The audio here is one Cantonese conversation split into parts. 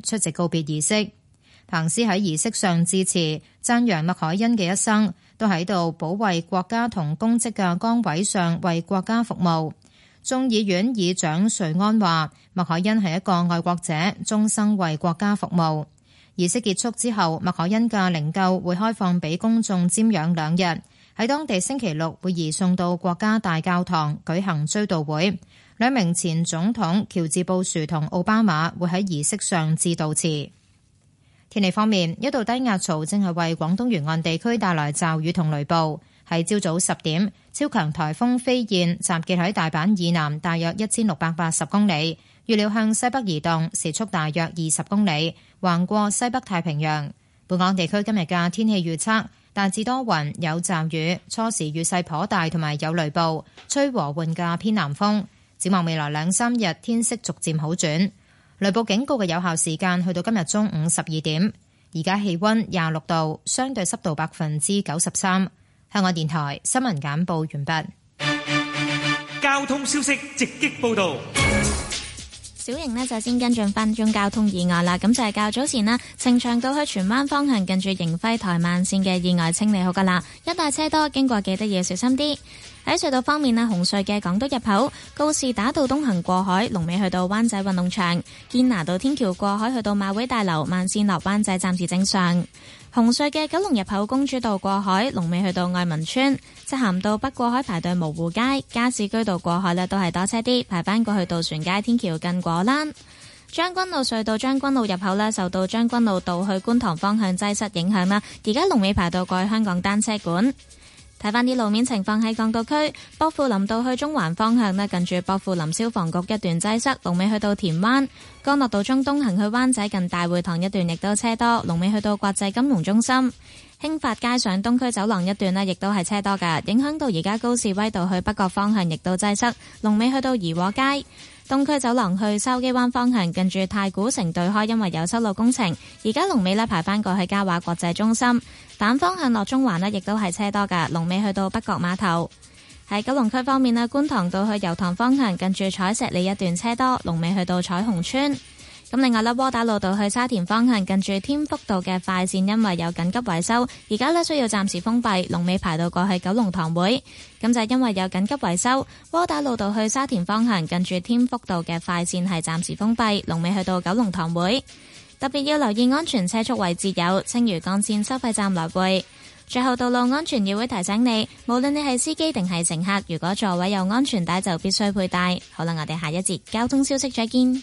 出席告別儀式，彭斯喺儀式上致辭，讚揚麥凱恩嘅一生都喺度保衛國家同公職嘅崗位上為國家服務。眾議院議長瑞安話，麥凱恩係一個愛國者，終生為國家服務。儀式結束之後，麥凱恩嘅靈柩會開放俾公眾瞻仰兩日，喺當地星期六會移送到國家大教堂舉行追悼會。兩名前總統喬治布殊同奧巴馬會喺儀式上致悼詞。天氣方面，一道低壓槽正係為廣東沿岸地區帶來驟雨同雷暴。喺朝早十點，超強颱風飛燕集結喺大阪以南大約一千六百八十公里，預料向西北移動，時速大約二十公里，橫過西北太平洋本岸天天。本港地區今日嘅天氣預測大致多雲，有驟雨，初時雨勢頗大，同埋有雷暴，吹和緩嘅偏南風。展望未來兩三日，天色逐漸好轉。雷暴警告嘅有效時間去到今日中午十二點。而家氣溫廿六度，相對濕度百分之九十三。香港電台新聞簡報完畢。交通消息直擊報道。小型呢就先跟進翻中交通意外啦，咁就係較早前啦，城翔到去荃灣方向近住迎暉台慢線嘅意外清理好噶啦，一帶車多，經過記得要小心啲。喺隧道方面啦，紅隧嘅港島入口、告士打道東行過海、龍尾去到灣仔運動場、堅拿道天橋過海去到馬會大樓慢線落灣仔暫時正常。紅隧嘅九龍入口，公主道過海，龍尾去到愛民村，即行到北過海排隊蕪湖街、加士居道過海都係多車啲，排班過去渡船街天橋近果欄。將軍澳隧道，將軍澳入口咧，受到將軍澳道去觀塘方向擠塞影響啦，而家龍尾排到過去香港單車館。睇翻啲路面情況喺港島區，薄扶林道去中環方向咧，近住薄扶林消防局一段擠塞，龍尾去到田灣；江樂道中東行去灣仔近大會堂一段亦都車多，龍尾去到國際金融中心；興發街上東區走廊一段呢亦都係車多嘅，影響到而家高士威道去北角方向亦都擠塞，龍尾去到怡和街。東區走廊去筲箕灣方向，近住太古城對開，因為有修路工程，而家龍尾呢排返過去嘉華國際中心。反方向落中環呢，亦都係車多㗎，龍尾去到北角碼頭。喺九龍區方面呢，觀塘道去油塘方向，近住彩石里一段車多，龍尾去到彩虹村。咁另外，啦，窩打路道去沙田方向近住天福道嘅快線，因為有緊急維修，而家呢需要暫時封閉龍尾排到過去九龍塘會。咁就是、因為有緊急維修，窩打路道去沙田方向近住天福道嘅快線係暫時封閉，龍尾去到九龍塘會。特別要留意安全車速位置有青嶼幹線收費站來回。最後，道路安全亦會提醒你，無論你係司機定係乘客，如果座位有安全帶就必須佩戴。好啦，我哋下一節交通消息再見。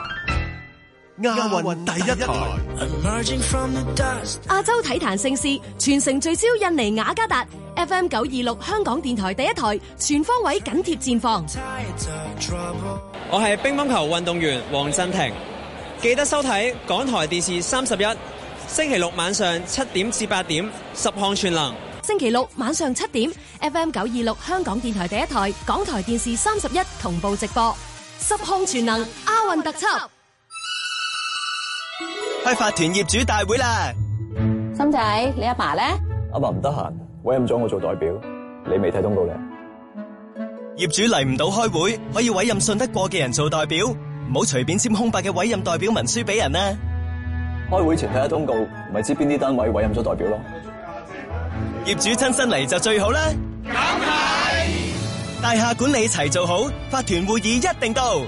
亞運第一台，亞洲體壇盛事，全城聚焦印尼雅加達。FM 九二六，香港電台第一台，全方位緊貼戰況。我係乒乓球運動員黃鎮廷，記得收睇港台電視三十一，星期六晚上七點至八點，十項全能。星期六晚上七點，FM 九二六，香港電台第一台，港台電視三十一同步直播十項全能亞運特輯。開法團業主大會啦，心仔，你阿爸咧？阿爸唔得閒，委任咗我做代表。你未睇通告咧？業主嚟唔到開會，可以委任信得過嘅人做代表，唔好隨便簽空白嘅委任代表文書俾人啦。開會前睇下通告，咪知邊啲單位委任咗代表咯。業主親身嚟就最好啦。感謝大廈管理齊做好，法團會議一定到。到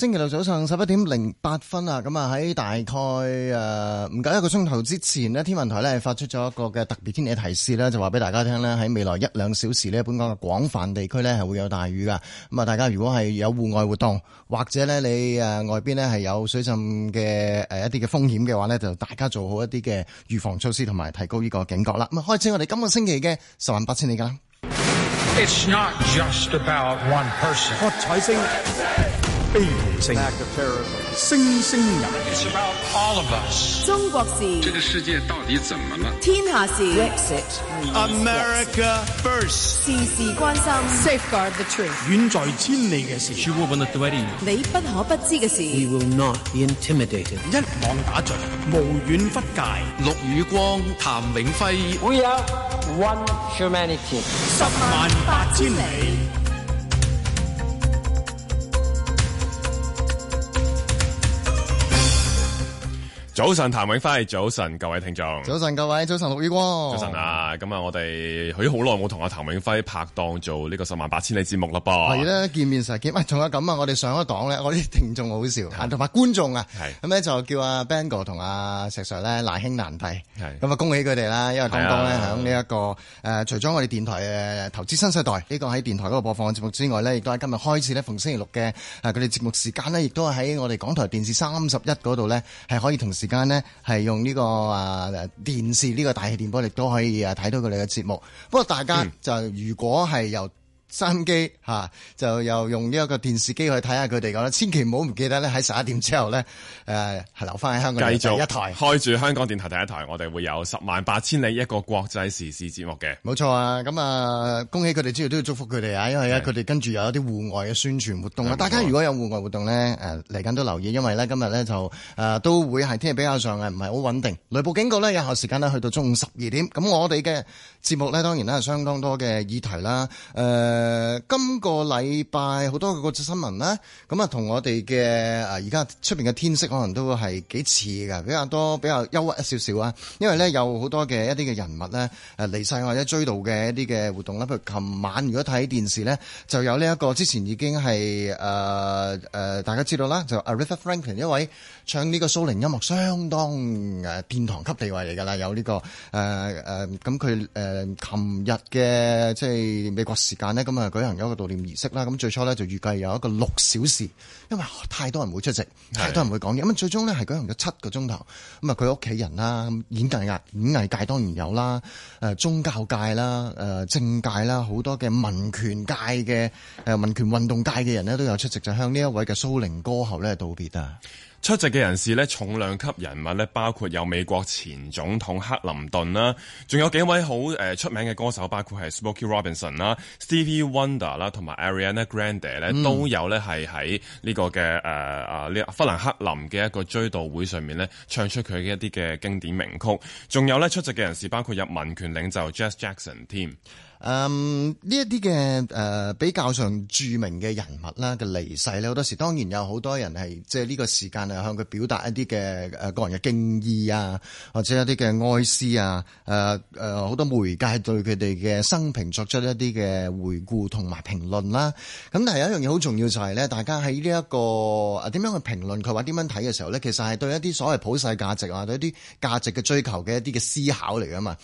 星期六早上十一點零八分啊，咁啊喺大概誒唔夠一個鐘頭之前呢，天文台呢發出咗一個嘅特別天氣提示呢，就話俾大家聽呢，喺未來一兩小時呢，本港嘅廣泛地區呢係會有大雨噶。咁啊，大家如果係有戶外活動或者呢你誒外邊呢係有水浸嘅誒一啲嘅風險嘅話呢，就大家做好一啲嘅預防措施同埋提高呢個警覺啦。咁啊，開始我哋今個星期嘅十萬八千里㗎喇。It's not just about one person、oh,。被同情，聲聲揚起。中國事，這個世界到底怎麼了？天下事，America first。事事關心，遠在千里的事，你不可不知的事。一網打盡，無遠不屆。陸宇光，譚詠輝，會有 One Humanity，十萬八千里。早晨，譚永輝，早晨，各位聽眾，早晨，各位，早晨，陸宇光，早晨啊！咁啊，我哋佢好耐冇同阿譚永輝拍檔做呢個十萬八千里節目咯噃係啦，見面時見，喂，仲有咁啊！我哋上一檔咧，我啲聽眾好笑，同埋的觀眾啊，咁咧的就叫阿 Bengo 同阿石 Sir 咧難兄難弟，咁啊的恭喜佢哋啦！因為剛剛咧喺呢一個誒，的除咗我哋電台嘅投資新世代呢個喺電台嗰度播放嘅節目之外呢，亦都係今日開始呢，逢星期六嘅佢哋節目時間呢，亦都喺我哋港台電視三十一嗰度呢，係可以同時。間咧係用呢個啊電視，呢個大氣電波，亦都可以啊睇到佢哋嘅節目。不過大家就如果係由，新機嚇、啊、就又用呢一個電視機去睇下佢哋講，千祈唔好唔記得咧，喺十一點之後咧，誒、呃、係留翻喺香港第一台，繼續開住香港電台第一台，我哋會有十萬八千里一個國際時事節目嘅，冇錯啊！咁啊，恭喜佢哋，之後都要祝福佢哋啊，因為咧佢哋跟住有一啲戶外嘅宣傳活動啦。的大家如果有戶外活動咧，誒，嚟緊都留意，因為咧今日咧就誒、啊、都會係天氣比較上係唔係好穩定。雷暴警告咧，有效時間呢，去到中午十二點。咁我哋嘅節目咧，當然咧係相當多嘅議題啦，誒、呃。誒、呃，今個禮拜好多嘅國際新聞咧，咁啊，同我哋嘅誒而家出邊嘅天色可能都係幾似噶，比較多比較憂鬱一少少啊。因為咧有好多嘅一啲嘅人物咧，誒、呃、離世或者追悼嘅一啲嘅活動啦。譬如琴晚如果睇電視咧，就有呢、這、一個之前已經係誒誒大家知道啦，就 Aretha Franklin 一位。唱呢個蘇寧音樂相當誒殿堂級地位嚟㗎啦。有呢個誒誒咁佢誒，琴日嘅即係美國時間呢，咁啊舉行咗一個悼念儀式啦。咁最初咧就預計有一個六小時，因為太多人會出席，太多人會講嘢。咁是的 最終呢，係舉行咗七個鐘頭。咁啊，佢屋企人啦，演藝界、演藝界當然有啦，宗教界啦，誒、呃、政界啦，好多嘅民權界嘅誒民權運動界嘅人呢，都有出席，就向呢一位嘅蘇寧歌喉咧道別啊。出席嘅人士咧，重量級人物咧，包括有美國前總統克林頓啦，仲有幾位好出名嘅歌手，包括係 Smokey Robinson 啦、Stevie Wonder 啦，同埋 Ariana Grande 咧都有咧、這個，係喺呢個嘅誒啊呢弗蘭克林嘅一個追悼會上面咧，唱出佢嘅一啲嘅經典名曲。仲有咧出席嘅人士，包括入民權領袖 Jesse Jackson 添。嗯，呢一啲嘅誒比較上著名嘅人物啦嘅離世咧，好多時當然有好多人係即係呢個時間啊，向佢表達一啲嘅誒個人嘅敬意啊，或者一啲嘅哀思啊，誒誒好多媒介對佢哋嘅生平作出一啲嘅回顧同埋評論啦。咁但係有一樣嘢好重要就係咧，大家喺呢一個點樣去評論佢或點樣睇嘅時候咧，其實係對一啲所謂普世價值啊，對一啲價值嘅追求嘅一啲嘅思考嚟㗎嘛。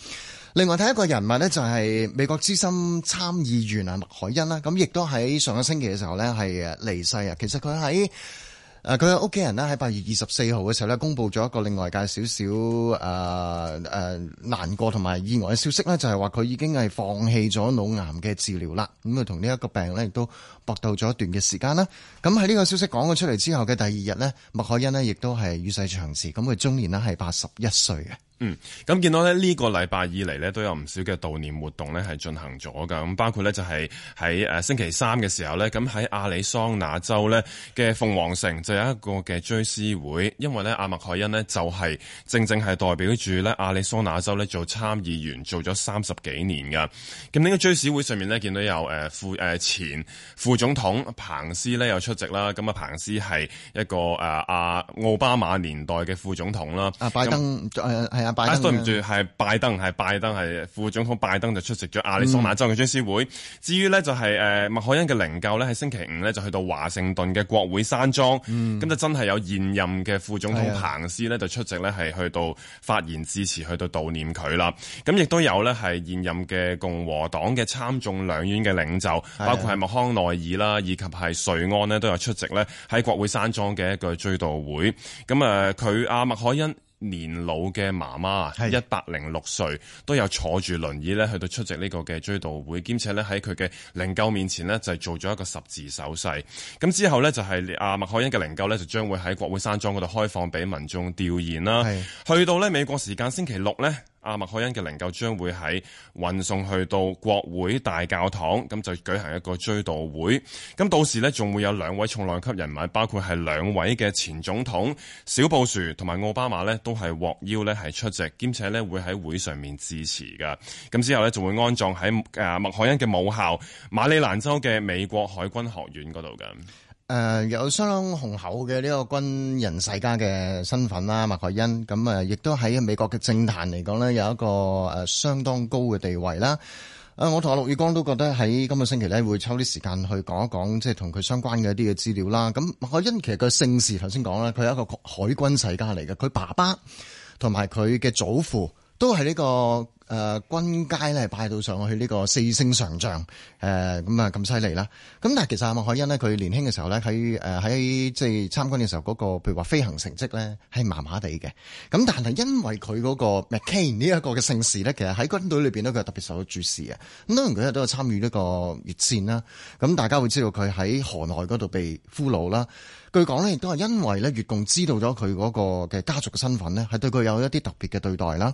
另外睇一個人物呢，就係美國資深參議員啊麥凱恩啦，咁亦都喺上個星期嘅時候呢，係離世啊。其實佢喺佢嘅屋企人呢，喺八月二十四號嘅時候呢，公布咗一個另外介少少誒誒難過同埋意外嘅消息呢，就係話佢已經係放棄咗腦癌嘅治療啦。咁啊，同呢一個病呢，亦都搏鬥咗一段嘅時間啦，咁喺呢個消息講咗出嚟之後嘅第二日呢，麥凱恩呢亦都係與世長辭，咁佢終年呢係八十一歲嘅。嗯，咁見到咧呢個禮拜以嚟呢，都有唔少嘅悼念活動呢係進行咗噶，咁包括呢就係喺誒星期三嘅時候呢，咁喺亞利桑那州呢嘅鳳凰城就有一個嘅追思會。因為呢，阿麥凱恩呢就係正正係代表住呢亞利桑那州呢做參議員做咗三十幾年嘅，咁呢個追思會上面呢，見到有誒副誒前總統彭斯呢又出席啦，咁啊彭斯係一個誒阿、啊、奧巴馬年代嘅副總統啦，啊拜登誒係那啊拜登係對唔住拜登係副總統，拜登就出席咗亞利桑那州嘅追思會。嗯、至於呢、就係，就係誒麥凱恩嘅靈柩呢喺星期五呢，就去到華盛頓嘅國會山莊，咁、嗯、就真係有現任嘅副總統彭斯呢，就出席呢，係去到發言支持去到悼念佢啦。咁亦都有呢，係現任嘅共和黨嘅參眾兩院嘅領袖，包括係麥康奈爾。以及係瑞安呢都有出席呢，喺國會山莊嘅一個追悼會。咁佢阿麥凱恩年老嘅媽媽啊，一百零六歲都有坐住輪椅呢去到出席呢個嘅追悼會，兼且呢喺佢嘅靈柩面前呢就做咗一個十字手勢。咁之後呢、就是，麥可就係阿麥凱恩嘅靈柩呢，就將會喺國會山莊嗰度開放俾民眾弔唁啦。是的 去到呢美國時間星期六呢。阿麥凱恩嘅靈柩將會喺運送去到國會大教堂，咁就舉行一個追悼會。咁到時呢，仲會有兩位重量級人物，包括係兩位嘅前總統小布殊同埋奧巴馬呢，都係獲邀呢係出席，兼且呢會喺會上面致辭嘅。咁之後呢，就會安葬喺誒麥凱恩嘅母校馬里蘭州嘅美國海軍學院嗰度嘅。誒、呃，有相當雄厚嘅呢個軍人世家嘅身份啦，麥凱恩咁啊，亦都喺美國嘅政壇嚟講呢有一個誒相當高嘅地位啦。誒，我同阿陸宇光都覺得喺今個星期呢，會抽啲時間去講一講，即係同佢相關嘅一啲嘅資料啦。咁麥凱恩其實個姓氏頭先講啦，佢係一個海軍世家嚟嘅，佢爸爸同埋佢嘅祖父都係呢、這個。誒、呃、軍階咧，拜到上去呢個四星上將，誒咁啊咁犀利啦！咁但係其實阿麥凱恩呢，佢年輕嘅時候咧，喺誒喺即係參軍嘅時候、那個，嗰個譬如話飛行成績咧係麻麻地嘅。咁但係因為佢嗰個、McCain 呢一個嘅姓氏咧，其實喺軍隊裏面咧，佢係特別受到注視嘅。咁當然佢都有參與呢個越戰啦。咁大家會知道佢喺河內嗰度被俘虜啦。據講咧，亦都係因為咧越共知道咗佢嗰個嘅家族嘅身份咧，係對佢有一啲特別嘅對待啦。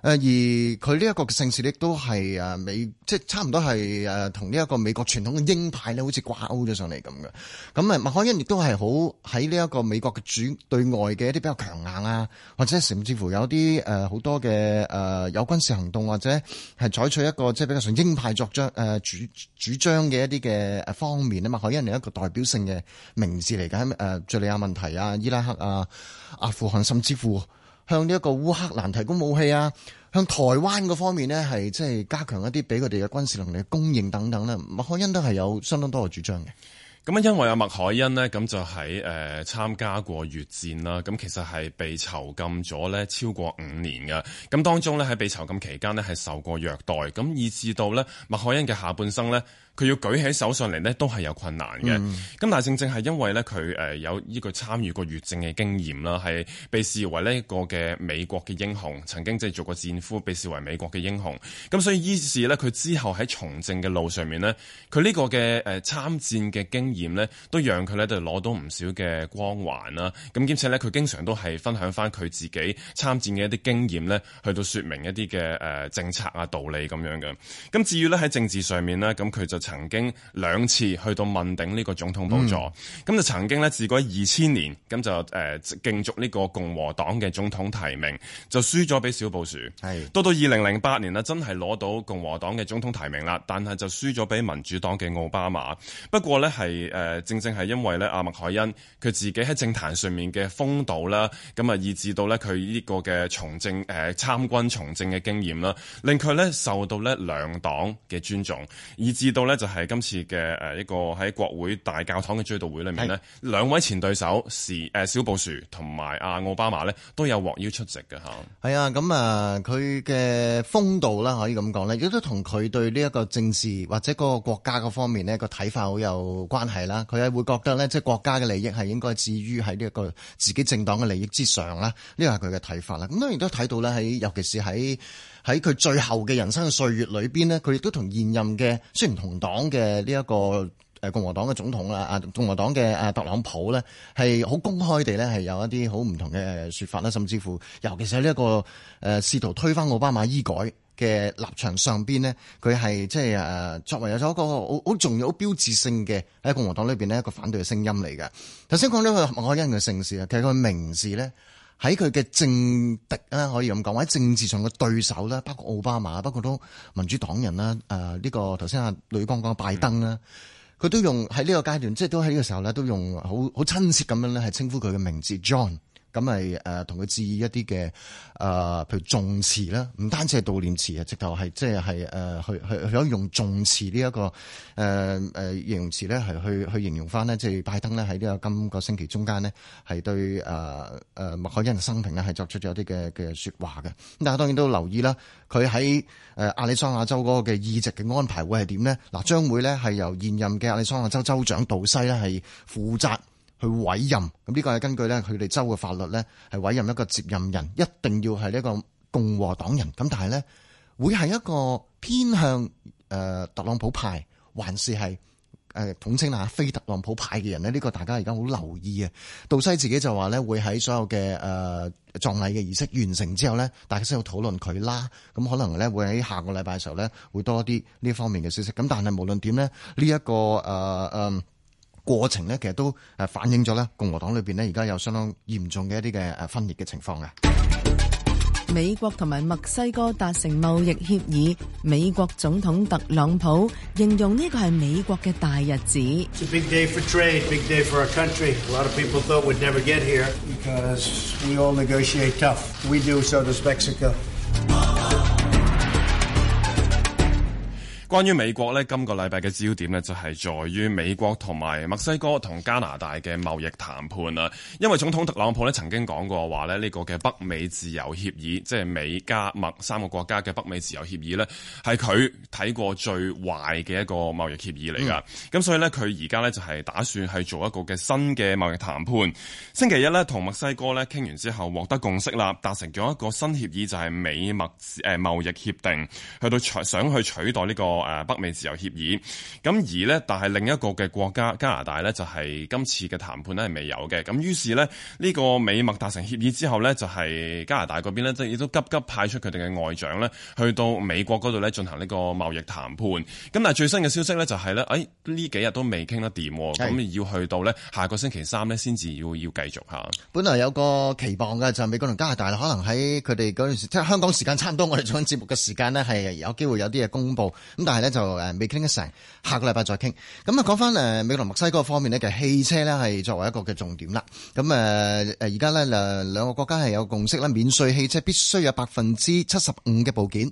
誒，而佢呢一個姓氏咧，都係誒美，即係差唔多係誒同呢一個美國傳統嘅鷹派咧，好似掛鈎咗上嚟咁嘅。咁啊，麥凱恩亦都係好喺呢一個美國嘅主對外嘅一啲比較強硬啊，或者甚至乎有啲誒好多嘅、誒、呃、有軍事行動，或者係採取一個即係比較上鷹派作將誒、呃、主主張嘅一啲嘅誒方面啊。麥凱恩係一個代表性嘅名字嚟嘅，誒、呃、敘利亞問題啊、伊拉克啊、阿富汗，甚至乎。向呢一個烏克蘭提供武器啊，向台灣嗰方面呢，係即係加強一啲俾佢哋嘅軍事能力嘅供應等等咧，麥凱恩都係有相當多嘅主張嘅。咁啊，因為阿麥凱恩呢，咁就喺誒參加過越戰啦，咁其實係被囚禁咗咧超過五年嘅，咁當中咧喺被囚禁期間呢，係受過虐待，咁以至到咧麥凱恩嘅下半生咧。佢要舉起手上嚟呢，都係有困難嘅。咁、嗯、但係正正係因為呢，佢誒有呢個參與過越戰嘅經驗啦，係被視為呢一個嘅美國嘅英雄，曾經即係做過戰俘，被視為美國嘅英雄。咁所以於是呢，佢之後喺從政嘅路上面呢，佢呢個嘅誒參戰嘅經驗呢，都讓佢呢都攞到唔少嘅光環啦。咁兼且呢，佢經常都係分享翻佢自己參戰嘅一啲經驗呢，去到説明一啲嘅誒政策啊道理咁樣嘅。咁至於呢，喺政治上面呢，咁佢就。曾經兩次去到問鼎呢個總統寶座，咁就曾經咧自過二千年，咁就誒競逐呢個共和黨嘅總統提名，就輸咗俾小布什。係唉 到到二零零八年咧，真係攞到共和黨嘅總統提名啦，但係就輸咗俾民主黨嘅奧巴馬。不過咧係誒正正係因為咧阿麥凱恩佢自己喺政壇上面嘅風度啦，咁啊以至到咧佢呢個嘅從政誒參軍從政嘅經驗啦，令佢咧受到咧兩黨嘅尊重，以至到咧。呢就係今次嘅誒一個喺國會大教堂嘅追悼會裏面呢，是的 兩位前對手是小布殊同埋阿奧巴馬呢都有獲邀出席嘅嚇。係啊，咁啊，佢嘅風度啦，可以咁講咧，亦都同佢對呢一個政治或者個國家嗰方面呢個睇法好有關係啦。佢係會覺得呢，即係國家嘅利益係應該置於喺呢一個自己政黨嘅利益之上啦。呢個係佢嘅睇法啦。咁當然都睇到咧，喺尤其是喺。喺佢最後嘅人生嘅歲月裏邊呢，佢亦都同現任嘅，雖然同黨嘅呢一個誒共和黨嘅總統啊，啊共和黨嘅啊特朗普呢係好公開地呢係有一啲好唔同嘅説法啦，甚至乎尤其是喺呢一個誒試圖推翻奧巴馬醫改嘅立場上邊呢，佢係即係誒作為有咗一個好好重要、好標誌性嘅喺共和黨裏邊咧一個反對嘅聲音嚟嘅。頭先講咧，佢麥凱恩嘅姓氏啊，其實佢名字呢。喺佢嘅政敵咧，可以咁講，或者政治上嘅對手咧，包括奧巴馬，包括都民主黨人啦，誒、呃、呢、這個頭先阿呂光講拜登啦，佢、嗯、都用喺呢個階段，即、就、係、是、都喺呢個時候咧，都用好好親切咁樣咧，係稱呼佢嘅名字 John。咁咪誒同佢致意一啲嘅誒，譬如重詞啦，唔單止係悼念詞啊，直頭係即係係誒去去可以用重詞呢一個誒、呃、形容詞咧，係去去形容翻咧，即係拜登咧喺呢個今、今個星期中間咧，係對誒誒麥凱恩嘅生平咧係作出咗一啲嘅嘅說話嘅。咁大家當然都留意啦，佢喺誒亞利桑那州嗰個嘅議席嘅安排會係點呢？嗱，將會呢係由現任嘅亞利桑那州州長杜西呢，係負責。去委任，咁呢個係根據咧佢哋州嘅法律咧，係委任一個接任人，一定要係呢一個共和黨人。咁但係咧，會係一個偏向誒、呃、特朗普派，還是係誒、呃、統稱啊非特朗普派嘅人咧？呢、這個大家而家好留意啊。杜西自己就話咧，會喺所有嘅誒葬禮嘅儀式完成之後咧，大家先會討論佢啦。咁可能咧會喺下個禮拜嘅時候咧，會多啲呢方面嘅消息。咁但係無論點咧，呢、這、一個誒、呃呃過程咧，其實都誒反映咗咧共和黨裏邊咧，而家有相當嚴重嘅一啲嘅誒分裂嘅情況嘅。美國同埋墨西哥達成貿易協議，美國總統特朗普形容呢個係美國嘅大日子。關於美國呢，今個禮拜嘅焦點呢，就係在於美國同埋墨西哥同加拿大嘅貿易談判啦。因為總統特朗普呢曾經講過話，呢呢個嘅北美自由協議，即係美加墨三個國家嘅北美自由協議呢係佢睇過最壞嘅一個貿易協議嚟噶。咁所以呢，佢而家呢就係打算係做一個嘅新嘅貿易談判。星期一呢，同墨西哥呢傾完之後獲得共識啦，達成咗一個新協議，就係美墨貿易協定，去到想去取代呢個。誒，北美自由協議，咁而呢，但係另一個嘅國家加拿大呢，就係、是、今次嘅談判呢係未有嘅。咁於是呢，呢、這個美墨達成協議之後呢，就係、是、加拿大嗰邊咧，亦都急急派出佢哋嘅外長呢，去到美國嗰度呢進行呢個貿易談判。咁但係最新嘅消息呢，就係、是、呢，哎，呢幾日都未傾得掂，咁是要去到呢，下個星期三呢先至要要繼續嚇。本來有個期望嘅就係、是、美國同加拿大可能喺佢哋嗰陣時，即係香港時間差唔多，我哋做緊節目嘅時間呢，係有機會有啲嘢公布但係咧，就誒未傾得成，下個禮拜再傾。咁啊講翻誒美國墨西哥方面咧，其實汽車咧係作為一個嘅重點啦。咁誒誒而家咧誒兩個國家係有共識啦，免稅汽車必須有百分之七十五嘅部件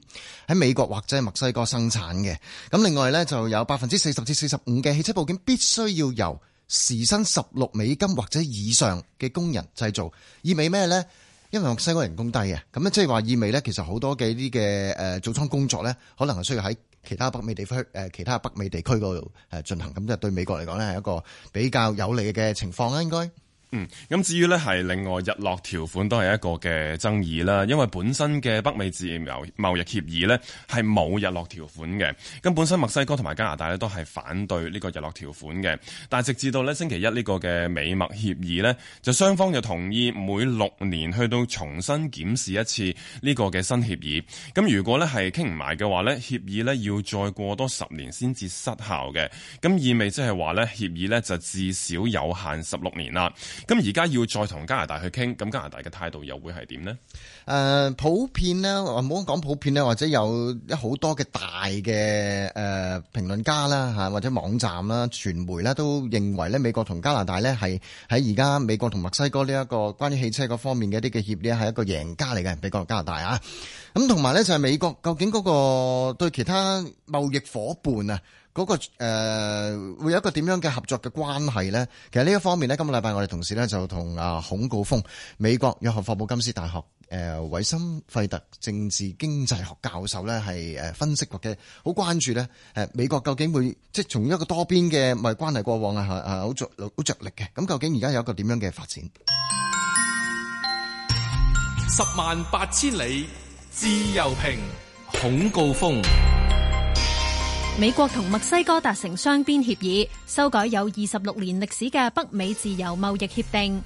喺美國或者係墨西哥生產嘅。咁另外咧就有百分之四十至四十五嘅汽車部件必須要由時薪十六美金或者以上嘅工人製造。意味咩咧？因為墨西哥人工低啊，咁即係話意味咧，其實好多嘅呢啲嘅誒組裝工作咧，可能係需要喺。其他北美地區誒，其他北美地區度誒進行，咁即係對美國嚟講咧，係一個比較有利嘅情況啦，應該。嗯，咁至於呢，係另外日落條款都係一個嘅爭議啦。因為本身嘅北美自由貿易協議呢，係冇日落條款嘅。咁本身墨西哥同埋加拿大呢都係反對呢個日落條款嘅。但直至到呢星期一呢個嘅美墨協議呢，就雙方就同意每六年去到重新檢視一次呢個嘅新協議。咁如果呢係傾唔埋嘅話呢，協議呢要再過多十年先至失效嘅。咁意味即係話呢，協議呢就至少有限十六年啦。咁而家要再同加拿大去傾，咁加拿大嘅態度又會係點呢？誒，普遍咧，唔好講普遍呢，或者有一好多嘅大嘅誒評論家啦吓，或者網站啦、傳媒咧都認為咧，美國同加拿大呢係喺而家美國同墨西哥呢一個關於汽車嗰方面嘅一啲嘅協議係一個贏家嚟嘅，比過加拿大啊。咁同埋咧就係美國究竟嗰個對其他貿易夥伴啊？嗰、那個誒、呃，會有一個點樣嘅合作嘅關係咧？其實呢一方面咧，今個禮拜我哋同事咧就同阿孔高峰，美國約翰霍普金斯大學誒韋森費特政治經濟學教授咧係誒分析過嘅，好關注咧誒、啊、美國究竟會即係從一個多邊嘅咪關係過往啊，係啊好着好着力嘅？咁究竟而家有一個點樣嘅發展？十萬八千里自由平，孔高峰。美國同墨西哥達成雙邊協議，修改有二十六年歷史嘅北美自由貿易協定。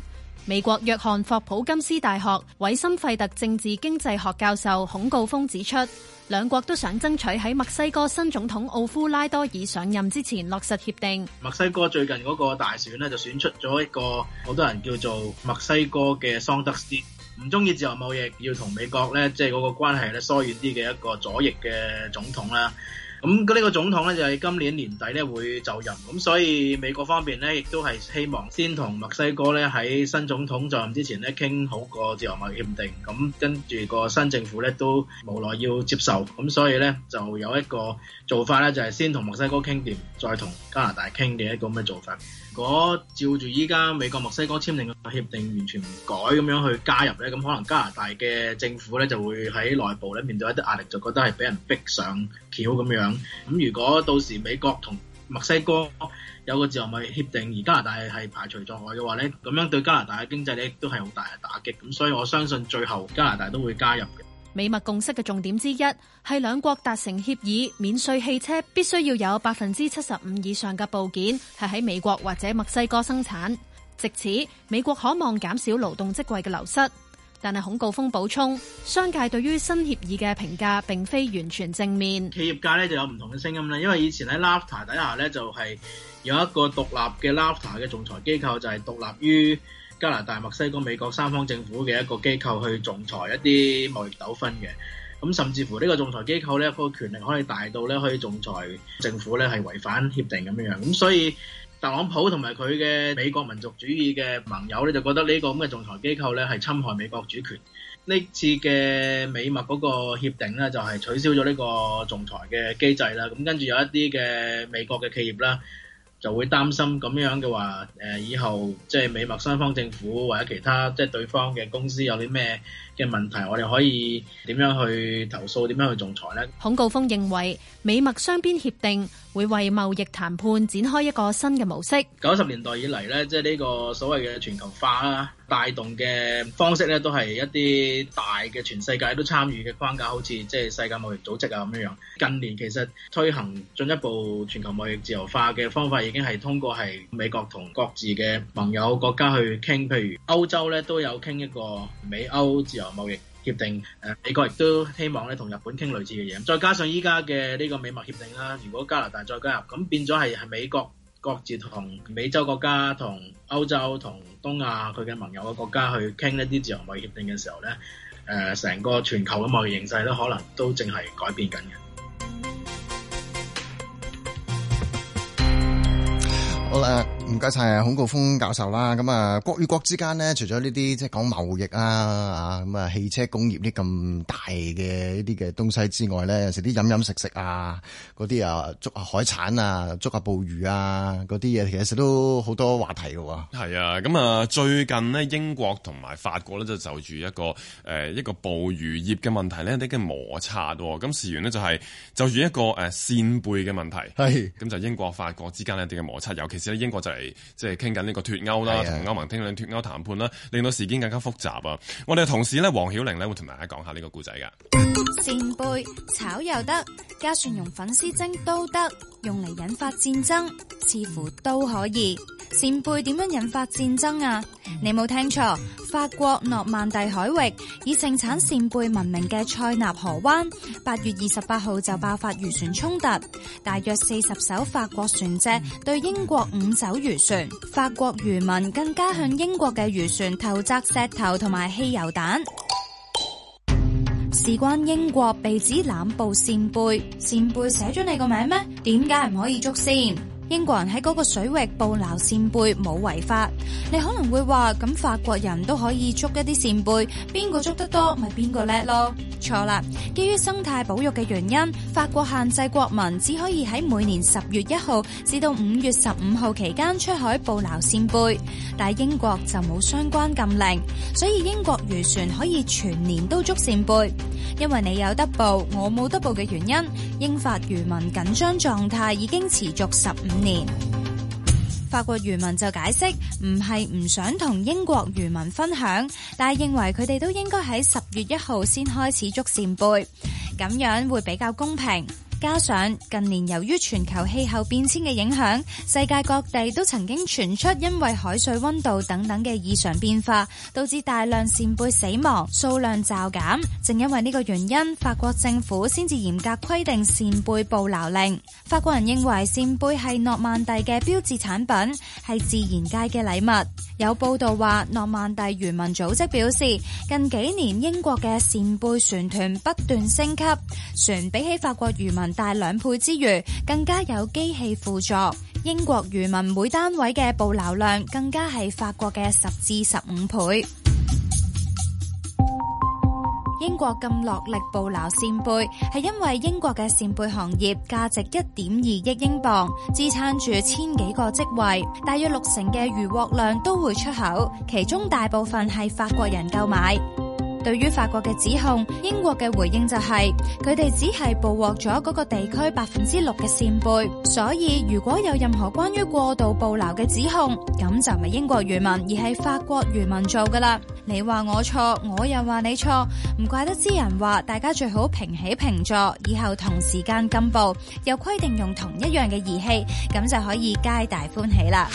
美國約翰霍普，普金斯大學韋森費特政治經濟學教授孔誥烽指出，兩國都想爭取喺墨西哥新總統奧夫拉多爾上任之前落實協定。墨西哥最近嗰個大選呢，就選出咗一個好多人叫做墨西哥嘅桑德斯，唔中意自由貿易，要同美國呢，即係嗰個關係呢疏遠啲嘅一個左翼嘅總統啦。咁呢個總統咧就係今年年底咧會就任，咁所以美國方面咧亦都係希望先同墨西哥咧喺新總統就任之前咧傾好個自由貿易協定，咁跟住個新政府咧都無奈要接受，咁所以咧就有一個做法咧就係先同墨西哥傾掂，再同加拿大傾嘅一個咁嘅做法。如果照住依家美國墨西哥簽訂嘅協定完全唔改咁樣去加入咧，咁可能加拿大嘅政府咧就會喺內部咧面對一啲壓力，就覺得係俾人逼上橋咁樣。咁如果到時美國同墨西哥有個自由貿易協定，而加拿大係排除在外嘅話咧，咁樣對加拿大嘅經濟咧都係好大嘅打擊。咁所以我相信最後加拿大都會加入嘅。美墨共識嘅重點之一係兩國達成協議，免稅汽車必須要有百分之七十五以上嘅部件係喺美國或者墨西哥生產。藉此，美國可望減少勞動職位嘅流失。但係孔告峰補充，商界對於新協議嘅評價並非完全正面。企業界咧就有唔同嘅聲音啦，因為以前喺 NAFTA 底下咧就係、是、有一個獨立嘅 NAFTA 嘅仲裁機構，就係、是、獨立於。加拿大、墨西哥、美國三方政府嘅一個機構去仲裁一啲貿易糾紛嘅，咁甚至乎呢個仲裁機構咧，個權力可以大到咧可以仲裁政府咧係違反協定咁樣樣，咁所以特朗普同埋佢嘅美國民族主義嘅盟友咧，就覺得呢個咁嘅仲裁機構咧係侵害美國主權。呢次嘅美墨嗰個協定咧，就係取消咗呢個仲裁嘅機制啦。咁跟住有一啲嘅美國嘅企業啦。就會擔心咁樣嘅話，誒以後即係美墨雙方政府或者其他即係對方嘅公司有啲咩嘅問題，我哋可以點樣去投訴，點樣去仲裁咧？孔高峰認為美墨雙邊協定會為貿易談判展開一個新嘅模式。九十年代以嚟咧，即係呢個所謂嘅全球化啦，帶動嘅方式咧，都係一啲大嘅全世界都參與嘅框架，好似即係世界貿易組織啊咁樣。近年其實推行進一步全球貿易自由化嘅方法，已經係通過係美國同各自嘅盟友國家去傾。譬如歐洲咧都有傾一個美歐自由貿易協定，誒美國亦都希望咧同日本傾類似嘅嘢，再加上依家嘅呢個美墨協定啦，如果加拿大再加入，咁變咗係係美國各自同美洲國家、同歐洲、同東亞佢嘅盟友嘅國家去傾一啲自由貿易協定嘅時候咧，誒成個全球嘅貿易形勢都可能都正係改變緊嘅。好啦。唔該晒啊，孔國峰教授啦，咁啊國與國之間咧，除咗呢啲即係講貿易啊，啊咁啊汽車工業啲咁大嘅呢啲嘅東西之外咧，有時啲飲飲食食啊，嗰啲啊捉下海產啊，捉下捕魚啊嗰啲嘢，其實都好多話題㗎喎。係啊，咁啊最近呢，英國同埋法國咧就就住一個誒、呃、一個捕魚業嘅問題咧啲嘅摩擦喎，咁事源呢，就係就住一個誒扇貝嘅問題。咁就、呃、是就英國法國之間一啲嘅摩擦，尤其是咧英國就係、是。即係傾緊呢個脫歐啦，同歐盟聽緊脫歐談判啦，令到事件更加複雜啊！我哋嘅同事咧，黃曉玲咧會同大家講下呢個故仔噶。扇貝炒又得，加蒜蓉粉絲蒸都得。用嚟引發戰爭似乎都可以。扇貝點樣引發戰爭啊？你冇聽錯，法國諾曼第海域以盛產扇貝聞名嘅塞納河灣，八月二十八號就爆發漁船衝突，大約四十艘法國船隻對英國五艘漁船，法國漁民更加向英國嘅漁船投擲石頭同埋汽油彈。事關英國被指濫捕扇貝，扇貝寫咗你個名咩？點解唔可以捉先？英國人喺嗰個水域捕撈扇貝冇違法。你可能會話，咁法國人都可以捉一啲扇貝，邊個捉得多咪邊個叻咯？錯啦！基於生態保育嘅原因，法國限制國民只可以喺每年十月一號至到五月十五號期間出海捕撈扇貝，但係英國就冇相關禁令，所以英國漁船可以全年都捉扇貝。因為你有得捕，我冇得捕嘅原因，英法漁民緊張狀態已經持續十五年。法國漁民就解釋，唔係唔想同英國漁民分享，但係認為佢哋都應該喺十月一號先開始捉扇貝，咁樣會比較公平。加上近年由於全球氣候變遷嘅影響，世界各地都曾經傳出因為海水温度等等嘅異常變化，導致大量扇貝死亡、數量驟減。正因為呢個原因，法國政府先至嚴格規定扇貝捕撈令。法國人認為扇貝係諾曼第嘅標誌產品，係自然界嘅禮物。有報道話，諾曼第漁民組織表示，近幾年英國嘅扇貝船團不斷升級，船比起法國漁民。大兩倍之餘，更加有機器輔助。英國漁民每單位嘅捕撈量更加係法國嘅十至十五倍。 英國咁落力捕撈扇貝，係因為英國嘅扇貝行業價值一點二億英鎊，支撐住千幾個職位，大約六成嘅漁獲量都會出口，其中大部分係法國人購買。對於法國嘅指控，英國嘅回應就係佢哋只係捕獲咗嗰個地區百分之六嘅扇貝，所以如果有任何關於過度捕撈嘅指控，咁就唔係英國漁民而係法國漁民做噶啦。你話我錯，我又話你錯，唔怪得之人話大家最好平起平坐，以後同時間禁捕，又規定用同一樣嘅儀器，咁就可以皆大歡喜啦。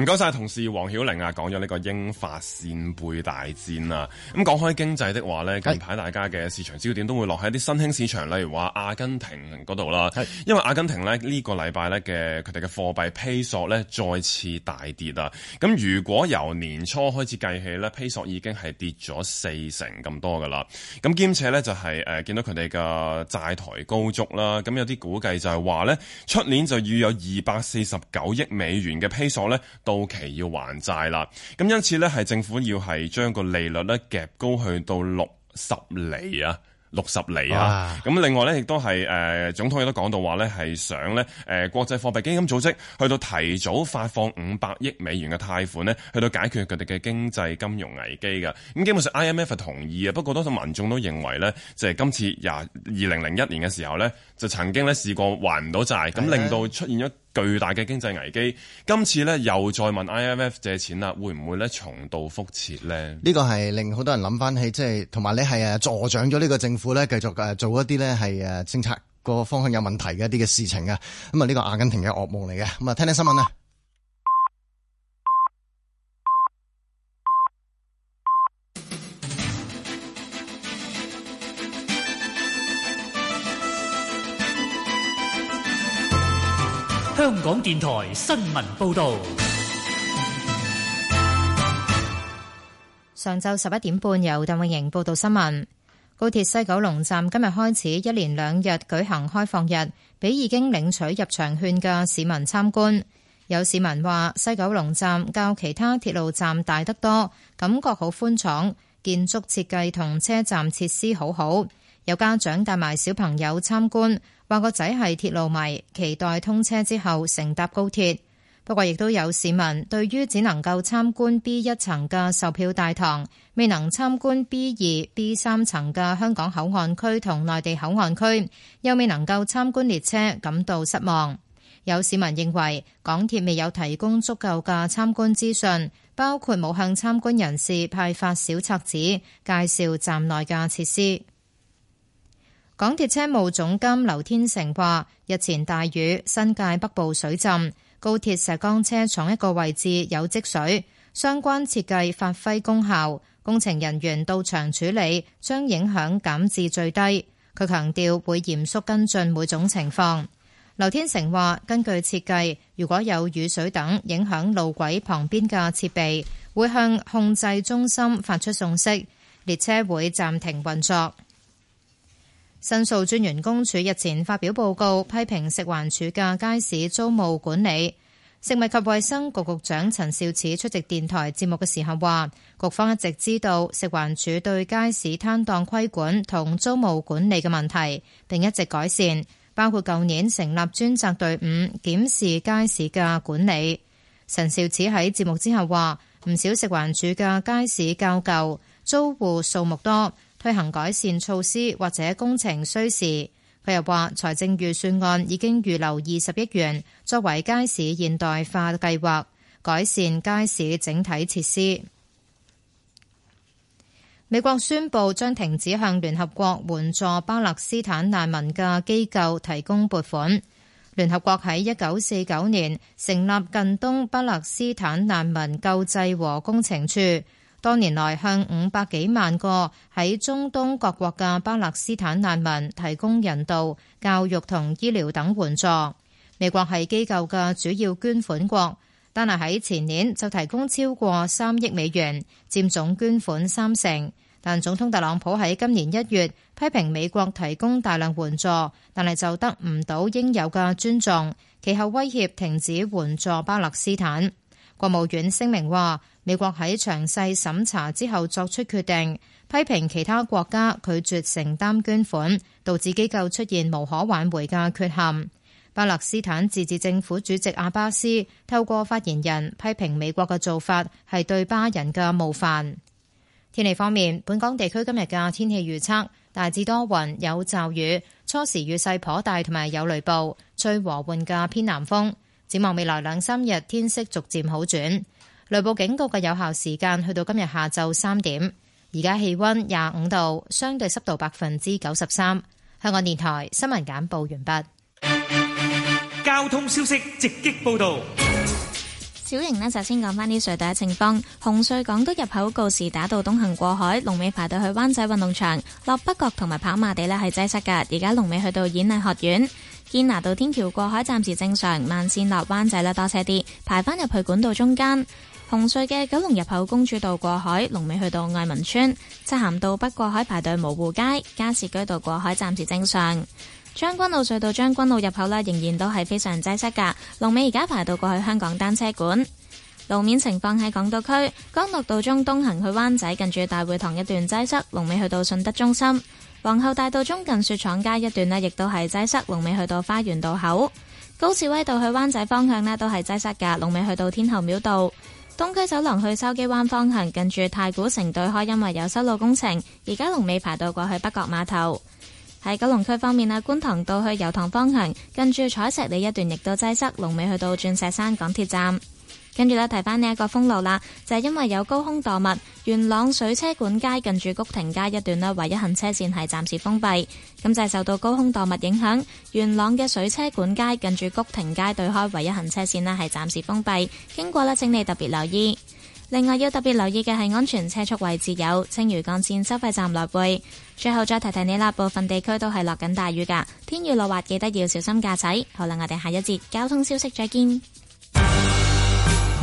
唔該曬，謝謝同事黃曉玲啊，講咗呢個英法扇貝大戰啊。咁講開經濟的話呢，近排大家嘅市場焦點都會落喺啲新興市場，例如話阿根廷嗰度啦。因為阿根廷呢呢個禮拜呢嘅佢哋嘅貨幣披索呢再次大跌啦。咁如果由年初開始計起呢，披索已經係跌咗四成咁多噶啦。咁兼且呢，就係見到佢哋嘅債台高築啦。咁有啲估計就係話呢，出年就要有二百四十九億美元嘅披索呢。到期要還債啦，咁因此咧，係政府要係將個利率咧夾高去到六十厘啊，六十厘啊，咁哇另外咧，亦都係誒、呃、總統亦都講到話咧，係想咧、呃、國際貨幣基金組織去到提早發放五百億美元嘅貸款咧，去到解決佢哋嘅經濟金融危機嘅，咁基本上 IMF 同意啊，不過多數民眾都認為咧，就係、是、今次廿二零零一年嘅時候咧，就曾經咧試過還唔到債，咁令到出現咗巨大嘅經濟危機。今次咧又再問 IMF 借錢啦，會唔會咧重蹈覆轍咧？呢個係令好多人諗返起，即係同埋你係啊助長咗呢個政府咧繼續誒做一啲咧係誒政策個方向有問題嘅一啲嘅事情啊。咁啊呢個阿根廷嘅噩夢嚟嘅。咁啊聽聽新聞啊。香港電台新聞報道：上晝十一點半，由鄧穎瑩報道新聞。高鐵西九龍站今日開始一連兩日舉行開放日，俾已經領取入場券嘅市民參觀。有市民話，西九龍站較其他鐵路站大得多，感覺好寬敞，建築設計同車站設施好好。有家長帶埋小朋友參觀。話個仔係鐵路迷，期待通車之後乘搭高鐵。不過，亦都有市民對於只能夠參觀 B 一層嘅售票大堂，未能參觀 B 二、B 三層嘅香港口岸區同內地口岸區，又未能夠參觀列車，感到失望。有市民認為港鐵未有提供足夠嘅參觀資訊，包括冇向參觀人士派發小冊子介紹站內嘅設施。港鐵車務總監劉天成話，日前大雨，新界北部水浸，高鐵石崗車廠一個位置有積水，相關設計發揮功效，工程人員到場處理，將影響減至最低。佢強調會嚴肅跟進每種情況。劉天成話，根據設計，如果有雨水等影響路軌旁邊嘅設備，會向控制中心發出訊息，列車會暫停運作。申訴專員公署日前發表報告，批評食環署嘅街市租務管理。食物及衛生局局長陳肇始出席電台節目嘅時候話，局方一直知道食環署對街市攤檔規管同租務管理嘅問題，並一直改善，包括舊年成立專責隊伍檢視街市嘅管理。陳肇始喺節目之後話，唔少食環署嘅街市較舊，租戶數目多。推行改善措施或者工程需時，佢又話財政預算案已經預留二十億元作為街市現代化計劃，改善街市整體設施。美國宣布將停止向聯合國援助巴勒斯坦難民嘅機構提供撥款。聯合國喺一九四九年成立近東巴勒斯坦難民救濟和工程處。多年來向五百幾萬個喺中東各國嘅巴勒斯坦難民提供人道、教育同醫療等援助，美國係機構嘅主要捐款國。但係喺前年就提供超過三億美元，佔總捐款三成。但總統特朗普喺今年一月批評美國提供大量援助，但係就得唔到應有嘅尊重，其後威脅停止援助巴勒斯坦。國務院聲明話：美國喺詳細審查之後作出決定，批評其他國家拒絕承擔捐款，導致機構出現無可挽回嘅缺陷。巴勒斯坦自治政府主席阿巴斯透過發言人批評美國嘅做法係對巴人嘅冒犯。天氣方面，本港地區今日嘅天氣預測大致多雲，有驟雨，初時雨勢頗大，同埋有雷暴，吹和緩嘅偏南風。展望未來兩三日，天色逐漸好轉。雷暴警告嘅有效時間去到今日下晝三點。而家氣溫廿五度，相對濕度百分之九十三。香港電台新聞簡報完畢。交通消息直擊報道。小瑩呢，就先講翻呢啲隧道嘅情況，紅隧港島入口告士打道東行過海，龍尾排到去灣仔運動場，落北角同埋跑馬地呢係擠塞嘅。而家龍尾去到演藝學院，堅拿道天橋過海暫時正常，慢線落灣仔呢多車啲，排翻入去管道中間。紅隧嘅九龍入口公主道過海，龍尾去到愛民村；漆咸道北過海排隊蕪湖街，加士居道過海暫時正常。將軍澳隧道將軍澳入口呢，仍然都係非常擠塞噶。龍尾而家排到過去香港單車館。路面情況喺港島區，江樂道中東行去灣仔近住大會堂一段擠塞，龍尾去到信德中心。皇后大道中近雪廠街一段呢，亦都係擠塞，龍尾去到花園道口。高士威道去灣仔方向呢，都係擠塞噶，龍尾去到天后廟道。東區走廊去筲箕灣方向，近住太古城對開，因為有修路工程，而家龍尾排到過去北角碼頭。喺九龍區方面咧，觀塘道去油塘方向，近住彩石里一段亦都擠塞，龍尾去到鑽石山港鐵站。跟住咧，提翻呢一個封路啦，就係因為有高空墮物，元朗水車館街近住谷亭街一段呢，唯一行車線係暫時封閉。咁就係受到高空墮物影響，元朗嘅水車館街近住谷亭街對開唯一行車線呢係暫時封閉。經過呢，請你特別留意。另外要特別留意嘅係安全車速位置有青嶼幹線收費站來回。最後再提提你啦，部分地區都係落緊大雨噶，天雨落滑，記得要小心駕駛。好啦，我哋下一節交通消息再見。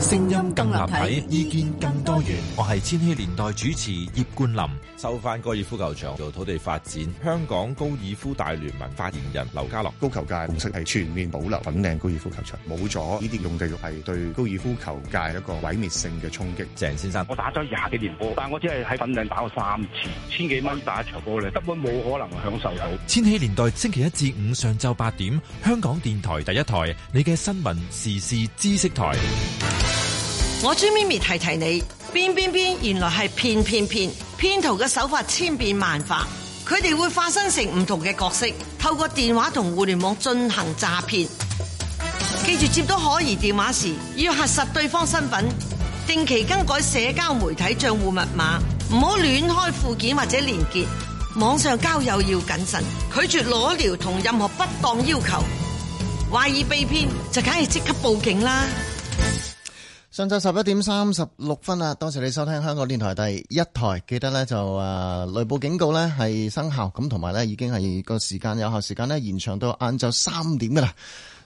聲音更立體，意見更多元。我係千禧年代主持葉冠林，收翻高爾夫球場做土地發展。香港高爾夫大聯盟發言人劉家樂，高球界共識係全面保留粉嶺高爾夫球場，冇咗呢啲用地，係對高爾夫球界一個毀滅性嘅衝擊。鄭先生，我打咗廿幾年波，但我只係喺粉嶺打過三次，千幾蚊打一場波咧，根本冇可能享受到。千禧年代星期一至五上晝八點，香港電台第一台，你嘅新聞時事知識台。我朱咪咪提提你，邊邊邊原來係騙騙騙，騙徒嘅手法千變萬化，佢哋會化身成唔同嘅角色，透過電話同互聯網進行詐騙。記住接到可疑電話時，要核實對方身份，定期更改社交媒體賬戶密碼，唔好亂開附件或者連結，網上交友要謹慎，拒絕裸聊同任何不當要求。懷疑被騙就梗係即刻報警啦。上晝十一點三十六分啦，多謝你收聽香港電台第一台。記得咧就誒、呃、雷暴警告咧係生效，咁同埋咧已經係個時間有效時間咧延長到晏晝三點噶啦。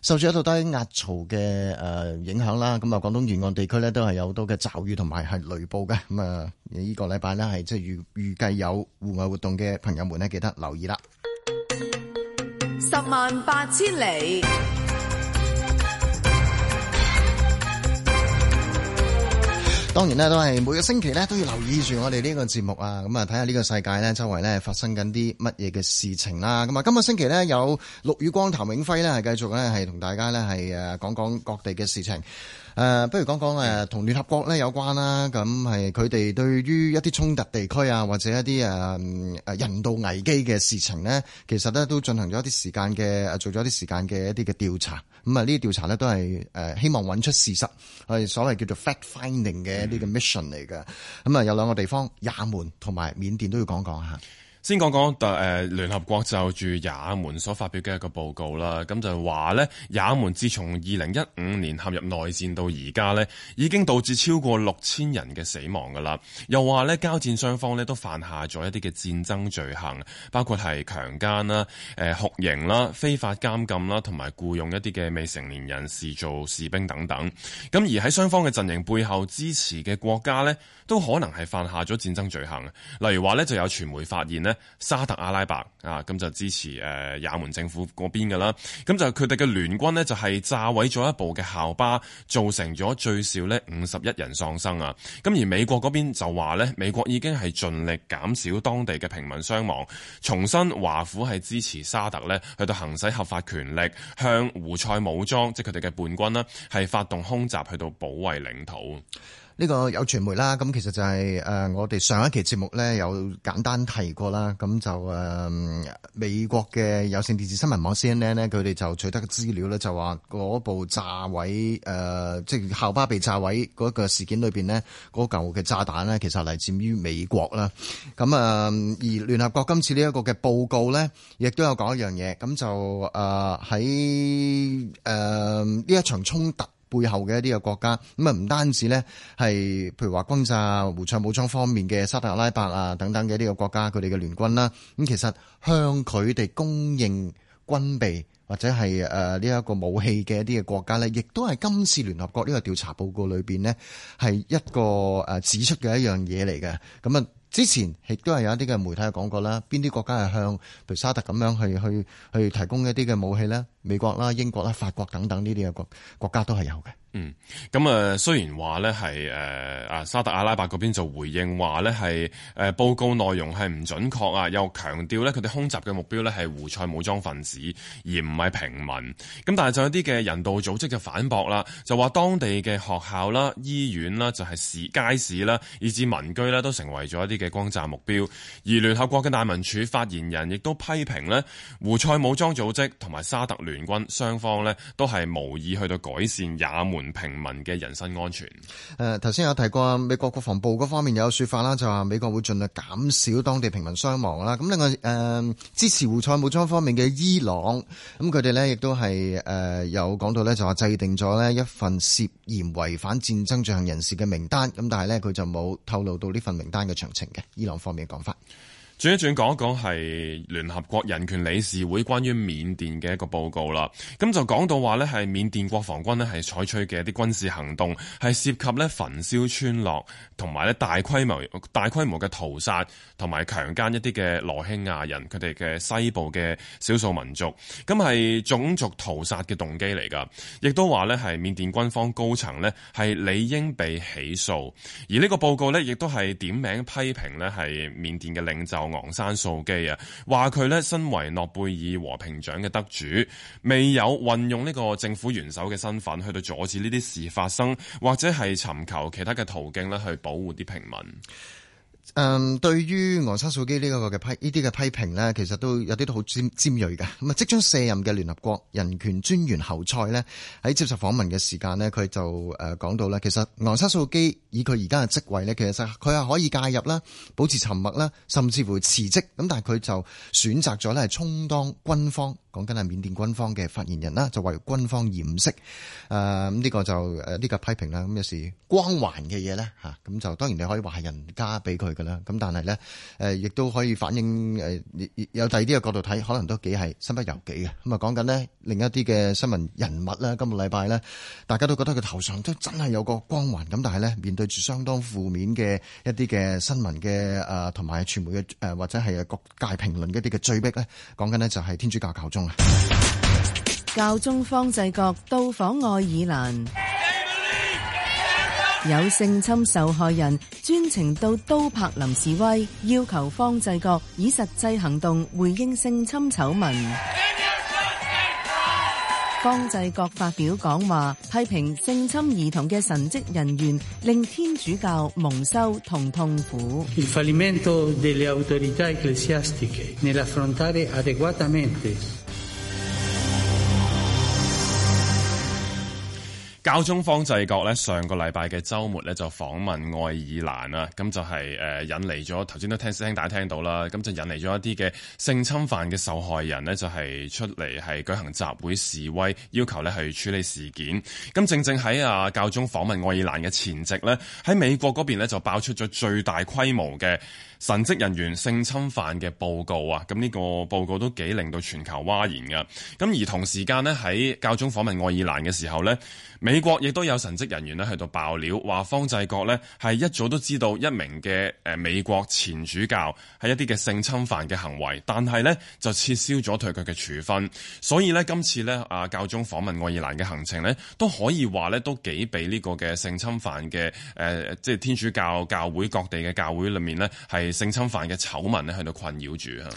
受住一度低壓槽嘅誒影響啦，咁啊廣東沿岸地區咧都係有好多嘅驟雨同埋係雷暴嘅。咁啊個呢個禮拜咧係即係預預計有戶外活動嘅朋友們呢，記得留意啦。十萬八千里。當然咧，都係每個星期咧都要留意住我哋呢個節目啊，咁啊睇下呢個世界咧周圍咧發生緊啲乜嘢嘅事情啦。咁啊，今個星期咧有陸宇光、譚永輝咧係繼續咧係同大家咧係誒講講各地嘅事情。誒、呃，不如講講誒，同聯合國咧有關啦，咁係佢哋對於一啲衝突地區啊，或者一啲誒誒人道危機嘅事情呢，其實呢都進行咗一啲時間嘅，做咗一啲時間嘅一啲嘅調查。咁啊，呢啲調查呢都係誒希望揾出事實，所謂叫做 fact finding 嘅呢個 mission 嚟嘅。咁啊，嗯嗯，有兩個地方，也門同埋緬甸都要講講吓。先講講特誒聯合國就住也門所發表嘅一個報告啦，咁就話咧也門自從二零一五年陷入內戰到而家咧，已經導致超過六千人嘅死亡噶啦。又話咧交戰雙方咧都犯下咗一啲嘅戰爭罪行，包括係強姦啦、誒酷刑啦、非法監禁啦，同埋僱用一啲嘅未成年人士做士兵等等。咁而喺雙方嘅陣營背後支持嘅國家咧，都可能係犯下咗戰爭罪行，例如話呢，就有傳媒發現呢沙特阿拉伯啊，咁就支持誒也門政府嗰邊㗎啦，咁就佢哋嘅聯軍呢，就係炸毀咗一部嘅校巴，造成咗最少呢五十一人喪生啊！咁而美國嗰邊就話呢，美國已經係盡力減少當地嘅平民傷亡，重申華府係支持沙特呢去到行使合法權力，向胡塞武裝即係佢哋嘅叛軍啦，係發動空襲去到保衛領土。呢個有傳媒啦，咁其實就係誒我哋上一期節目咧有簡單提過啦，咁就誒、嗯、美國嘅有線電視新聞網 CNN 咧，佢哋就取得嘅資料咧，就話嗰部炸毀誒、呃、即係校巴被炸毀嗰個事件裏邊咧，嗰嚿嘅炸彈咧，其實嚟自於美國啦。咁啊、嗯，而聯合國今次呢一個嘅報告咧，亦都有講一樣嘢，咁就誒喺誒呢一場衝突。背後嘅一啲嘅國家，咁啊唔單止咧係譬如話轟炸胡塞武裝方面嘅沙特阿拉伯啊等等嘅一啲嘅國家，佢哋嘅聯軍啦，咁其實向佢哋供應軍備或者係誒呢一個武器嘅一啲嘅國家咧，亦都係今次聯合國呢個調查報告裏邊咧係一個誒指出嘅一樣嘢嚟嘅，咁啊。之前亦都係有一啲嘅媒體講過啦，邊啲國家係向，譬如沙特咁樣去去去提供一啲嘅武器咧？美國啦、英國啦、法國等等呢啲嘅國國家都係有嘅。嗯，咁啊，雖然話咧係誒啊沙特阿拉伯嗰邊就回應話咧係誒報告內容係唔準確啊，又強調咧佢哋空襲嘅目標咧係胡塞武裝分子而唔係平民。咁但係就有啲嘅人道組織就反駁啦，就話當地嘅學校啦、醫院啦，就係、是、市街市啦，以至民居咧都成為咗一啲嘅轟炸目標，而聯合國嘅難民署發言人亦都批評咧胡塞武裝組織同埋沙特聯軍雙方咧都係無意去到改善也門平民嘅人身安全。誒頭先有提過美國國防部嗰方面有説法啦，就話美國會盡量減少當地平民傷亡啦。咁另外誒、呃、支持胡塞武裝方面嘅伊朗，咁佢哋呢亦都係誒、呃、有講到呢就話制定咗呢一份涉嫌違反戰爭罪行人士嘅名單，咁但係呢，佢就冇透露到呢份名單嘅詳情嘅。伊朗方面嘅講法。轉一轉，講一講係聯合國人權理事會關於緬甸嘅一個報告啦。咁就講到話咧，係緬甸國防軍咧係採取嘅一啲軍事行動，係涉及咧焚燒村落，同埋咧大規模、大規模嘅屠殺，同埋強姦一啲嘅羅興亞人，佢哋嘅西部嘅少數民族。咁係種族屠殺嘅動機嚟噶，亦都話咧係緬甸軍方高層咧係理應被起訴。而呢個報告咧，亦都係點名批評咧係緬甸嘅領袖。昂山素姬啊，話佢咧，身為諾貝爾和平獎嘅得主，未有運用呢個政府元首嘅身份去到阻止呢啲事發生，或者係尋求其他嘅途徑咧去保護啲平民。誒、嗯，對於昂山素姬呢一個嘅批呢啲嘅批評呢，其實有都有啲都好尖尖銳嘅。咁啊，即將卸任嘅聯合國人權專員侯賽呢，喺接受訪問嘅時間呢，佢就誒講到呢，其實昂山素姬以佢而家嘅職位呢，其實佢係可以介入啦，保持沉默啦，甚至乎辭職。咁但係佢就選擇咗呢係充當軍方。講緊係緬甸軍方嘅發言人啦，就為軍方掩飾，誒咁呢個就誒呢個批評啦。咁有時光環嘅嘢咧嚇，咁就當然你可以話係人家俾佢㗎啦。咁但係咧誒，亦都可以反映誒有第二啲嘅角度睇，可能都幾係身不由己嘅。咁啊講緊咧另一啲嘅新聞人物咧，今個禮拜咧大家都覺得佢頭上都真係有個光環，咁但係咧面對住相當負面嘅一啲嘅新聞嘅誒同埋傳媒嘅誒或者係各界評論嘅一啲嘅追逼咧，講緊咧就係天主教教宗。教宗方濟各到訪愛爾蘭，有性侵受害人專程到都柏林示威，要求方濟各以實際行動回應性侵醜聞。方濟各發表講話，批評性侵兒童嘅神職人員令天主教蒙羞同痛苦。教宗方制各咧上個禮拜嘅週末咧就訪問愛爾蘭啦，咁就係引嚟咗頭先都聽大家聽到啦，咁就引嚟咗一啲嘅性侵犯嘅受害人呢就係出嚟係舉行集會示威，要求呢去處理事件。咁正正喺啊教宗訪問愛爾蘭嘅前夕呢喺美國嗰邊就爆出咗最大規模嘅。神職人員性侵犯嘅報告啊，咁呢個報告都幾令到全球譁然嘅。咁而同時間呢，喺教宗訪問愛爾蘭嘅時候呢，美國亦都有神職人員呢喺度爆料，話方濟各呢係一早都知道一名嘅美國前主教係一啲嘅性侵犯嘅行為，但係呢就撤銷咗對佢嘅處分。所以呢，今次呢，啊教宗訪問愛爾蘭嘅行程呢，都可以話呢都幾畀呢個嘅性侵犯嘅、呃、即係天主教教會各地嘅教會裏面呢係。性侵犯嘅醜聞咧，喺度困擾住啊！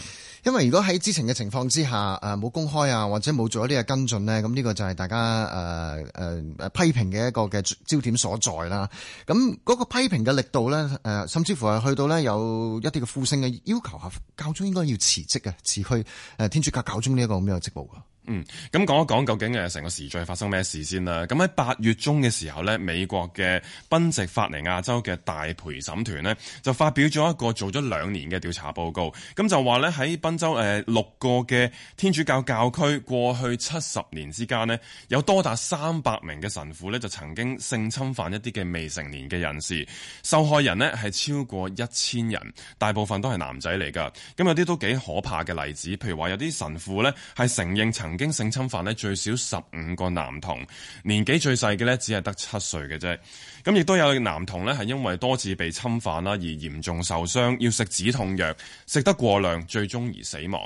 因為如果喺之前嘅情況之下，誒冇公開啊，或者冇做一啲嘅跟進咧，咁呢個就係大家誒誒誒批評嘅一個嘅焦點所在啦。咁嗰個批評嘅力度咧，誒、呃、甚至乎係去到咧有一啲嘅呼聲嘅要求，教宗應該要辭職啊，辭去誒天主教教宗呢一個咁樣嘅職務。嗯，咁講一講究竟誒成個時序發生咩事先啦？咁喺八月中嘅時候呢，美國嘅賓夕法尼亞州嘅大陪審團呢，就發表咗一個做咗兩年嘅調查報告，咁就話呢，喺賓州誒六個嘅天主教教區過去七十年之間呢，有多達三百名嘅神父呢，就曾經性侵犯一啲嘅未成年嘅人士，受害人呢係超過一千人，大部分都係男仔嚟噶，咁有啲都幾可怕嘅例子，譬如話有啲神父呢係承認曾經性侵犯咧最少十五個男童，年紀最細嘅咧只係得七歲嘅啫。咁亦都有男童咧係因為多次被侵犯啦而嚴重受傷，要食止痛藥，食得過量，最終而死亡。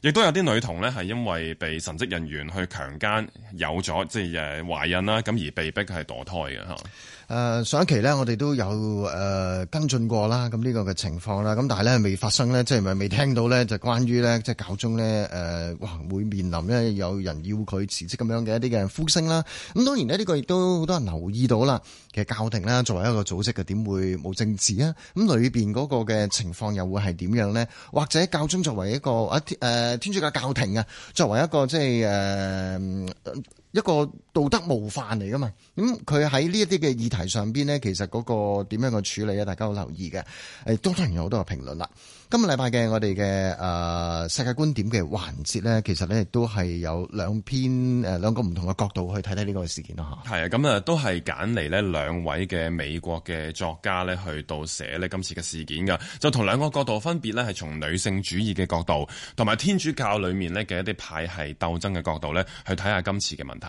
亦都有啲女童咧係因為被神職人員去強姦有咗即係懷孕啦，咁而被迫係墮胎嘅吓。誒上一期咧，我哋都有誒跟進過啦，咁呢個嘅情況啦，咁但係咧未發生咧，即係咪未聽到咧？就關於咧，即係教宗咧，誒哇會面臨咧有人要佢辭職咁樣嘅一啲嘅呼聲啦。咁當然呢，呢個亦都好多人留意到啦。嘅教廷啦，作為一個組織嘅點會冇政治啊？咁裏面嗰個嘅情況又會係點樣咧？或者教宗作為一個啊天、呃、天主教教廷啊，作為一個即係誒、呃、一個道德模範嚟噶嘛？咁佢喺呢一啲嘅議題上邊咧，其實嗰個點樣嘅處理咧，大家好留意嘅。誒，當然有好多嘅評論啦。今日禮拜嘅我哋嘅誒世界觀點嘅環節咧，其實咧亦都係有兩篇誒兩、呃、個唔同嘅角度去睇睇呢個事件咯吓。係啊，咁、嗯、啊都係揀嚟咧兩位嘅美國嘅作家咧去到寫呢今次嘅事件噶，就同兩個角度分別咧係從女性主義嘅角度，同埋天主教裏面呢嘅一啲派系鬥爭嘅角度咧去睇下今次嘅問題。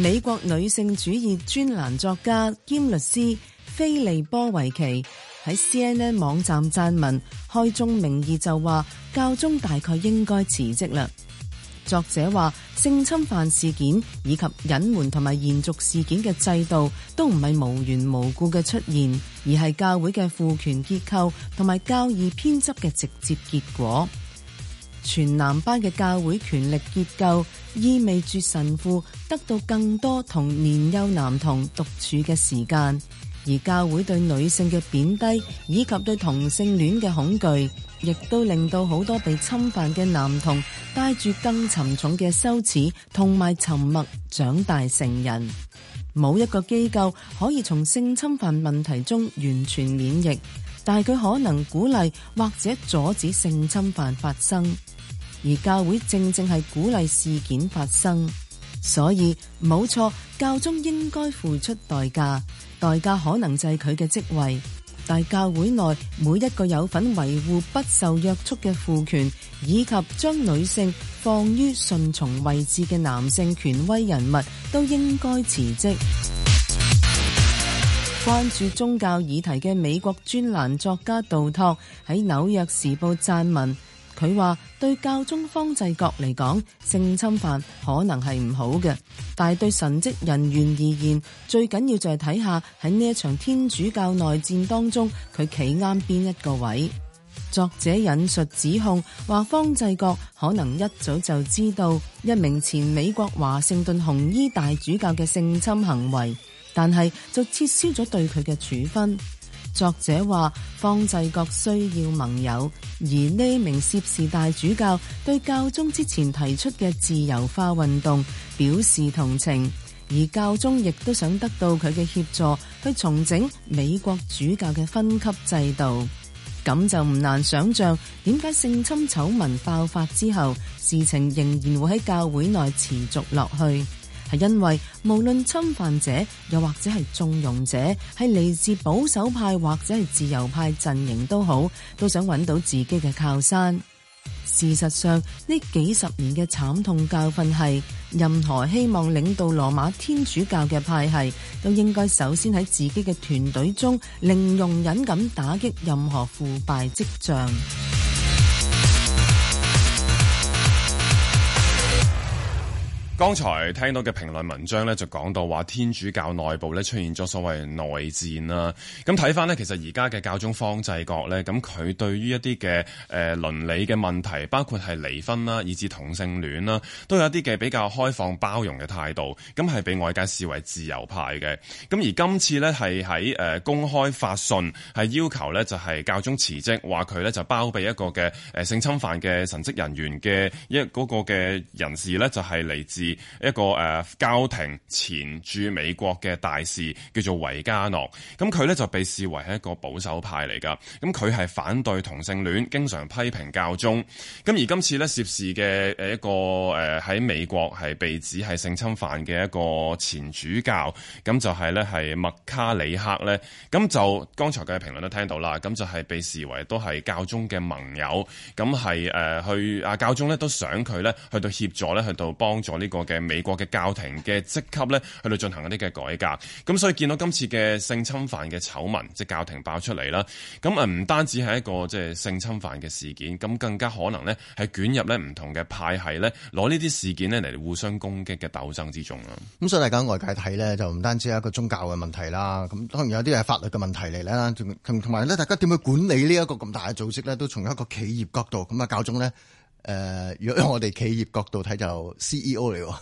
美國女性主義專欄作家兼律師菲利波維奇，喺 CNN 網站撰文，開宗明義就話教宗大概應該辭職啦。作者話性侵犯事件以及隱瞞同埋延續事件嘅制度，都唔係無緣無故嘅出現，而係教會嘅父權結構同埋教義偏執嘅直接結果。全男班嘅教會權力結構意味住神父得到更多同年幼男童獨處嘅時間。而教會對女性嘅貶低，以及對同性戀嘅恐懼，亦都令到好多被侵犯嘅男童帶住更沉重嘅羞恥同埋沉默長大成人。冇一個機構可以從性侵犯問題中完全免疫，但係佢可能鼓勵或者阻止性侵犯發生。而教會正正係鼓勵事件發生，所以冇錯，教宗應該付出代價。代價可能就係佢嘅職位，但教會內每一個有份維護不受約束嘅父權，以及將女性放於順從位置嘅男性權威人物，都應該辭職。關注宗教議題嘅美國專欄作家杜托喺《紐約時報》撰文。佢話對教宗方濟各嚟講，性侵犯可能係唔好嘅，但係對神職人員而言，最緊要就係睇下喺呢一場天主教內戰當中，佢企啱邊一個位。作者引述指控，話方濟各可能一早就知道一名前美國華盛頓紅衣大主教嘅性侵行為，但係就撤銷咗對佢嘅處分。作者話：方濟各需要盟友，而呢名涉事大主教對教宗之前提出嘅自由化運動表示同情，而教宗亦都想得到佢嘅協助去重整美國主教嘅分級制度。咁就唔難想像，點解性侵醜聞爆發之後，事情仍然會喺教會內持續落去。係因為無論侵犯者又或者係縱容者，係嚟自保守派或者係自由派陣營都好，都想揾到自己嘅靠山。事實上，呢幾十年嘅慘痛教訓係任何希望領導羅馬天主教嘅派系都應該首先喺自己嘅團隊中，零容忍咁打擊任何腐敗跡象。剛才聽到嘅評論文章咧，就講到話天主教內部咧出現咗所謂內戰啦、啊。咁睇翻呢，其實而家嘅教宗方濟各呢，咁、嗯、佢對於一啲嘅誒倫理嘅問題，包括係離婚啦，以至同性戀啦，都有一啲嘅比較開放包容嘅態度。咁係被外界視為自由派嘅。咁、嗯、而今次呢，係喺誒公開發信，係要求呢就係、是、教宗辭職，話佢呢就包庇一個嘅誒、呃、性侵犯嘅神職人員嘅一嗰個嘅、那個、人士呢，就係、是、嚟自。一個誒教廷前駐美國嘅大使叫做維加諾，咁佢呢就被視為係一個保守派嚟噶咁佢係反對同性戀，經常批評教宗。咁而今次呢涉事嘅誒一個誒喺美國係被指係性侵犯嘅一個前主教，咁就係呢係麥卡里克呢。咁就剛才嘅評論都聽到啦，咁就係被視為都係教宗嘅盟友，咁係誒去啊教宗呢，都想佢呢去到協助呢，去到幫助呢、這個。嘅美國嘅教廷嘅職級咧，去到進行一啲嘅改革，咁所以見到今次嘅性侵犯嘅醜聞，即係教廷爆出嚟啦，咁唔單止係一個即係性侵犯嘅事件，咁更加可能呢係捲入呢唔同嘅派系呢，攞呢啲事件咧嚟互相攻擊嘅鬥爭之中啦。咁所以大家外界睇呢，就唔單止係一個宗教嘅問題啦，咁當然有啲係法律嘅問題嚟啦，同埋呢，大家點去管理呢一個咁大嘅組織呢？都從一個企業角度咁啊教宗咧。誒、呃，如果用我哋企業角度睇就係 CEO 嚟喎。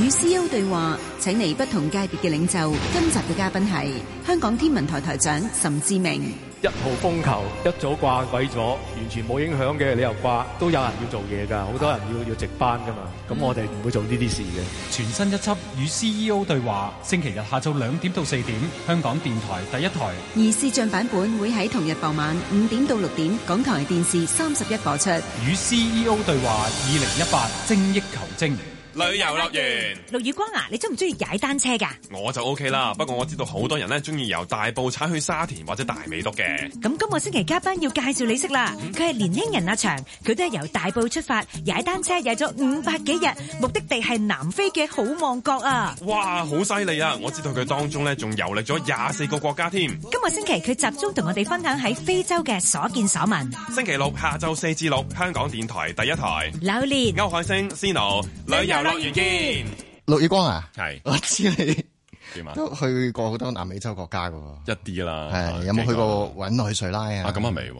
與 CEO 對話，請嚟不同界別嘅領袖。今集嘅嘉賓係香港天文台台長岑志明。一號風球一早掛鬼咗，完全冇影響嘅，你又掛都有人要做嘢噶，好多人要要值班噶嘛。咁我哋唔會做呢啲事嘅。全新一輯《與 CEO 對話》，星期日下晝兩點到四點，香港電台第一台。而視像版本會喺同日傍晚五點到六點，港台電視三十一播出。《與 CEO 對話》二零一八精益求精。旅遊樂園，陸宇光啊，你中唔中意踩單車噶？我就 OK 啦，不過我知道好多人咧中意由大埔踩去沙田或者大美督嘅。咁今個星期嘉賓要介紹你識啦，佢係年輕人阿祥，佢都係由大埔出發踩單車，踩咗五百幾日，目的地係南非嘅好望角啊！哇，好犀利啊！我知道佢當中咧仲遊歷咗廿四個國家添。今個星期佢集中同我哋分享喺非洲嘅所見所聞。星期六下晝四至六，香港電台第一台。劉烈、歐海星、Sino 旅遊。六月見，陸宇光啊，係是，我知你，啊，都去過好多南美洲國家噶，一啲啦，係是、啊、有冇去過委內瑞拉啊？啊咁啊未？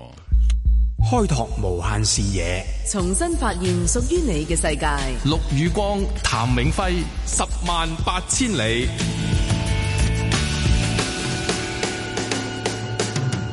開拓無限視野，重新發現屬於你嘅世界。陸宇光，譚永輝，十萬八千里。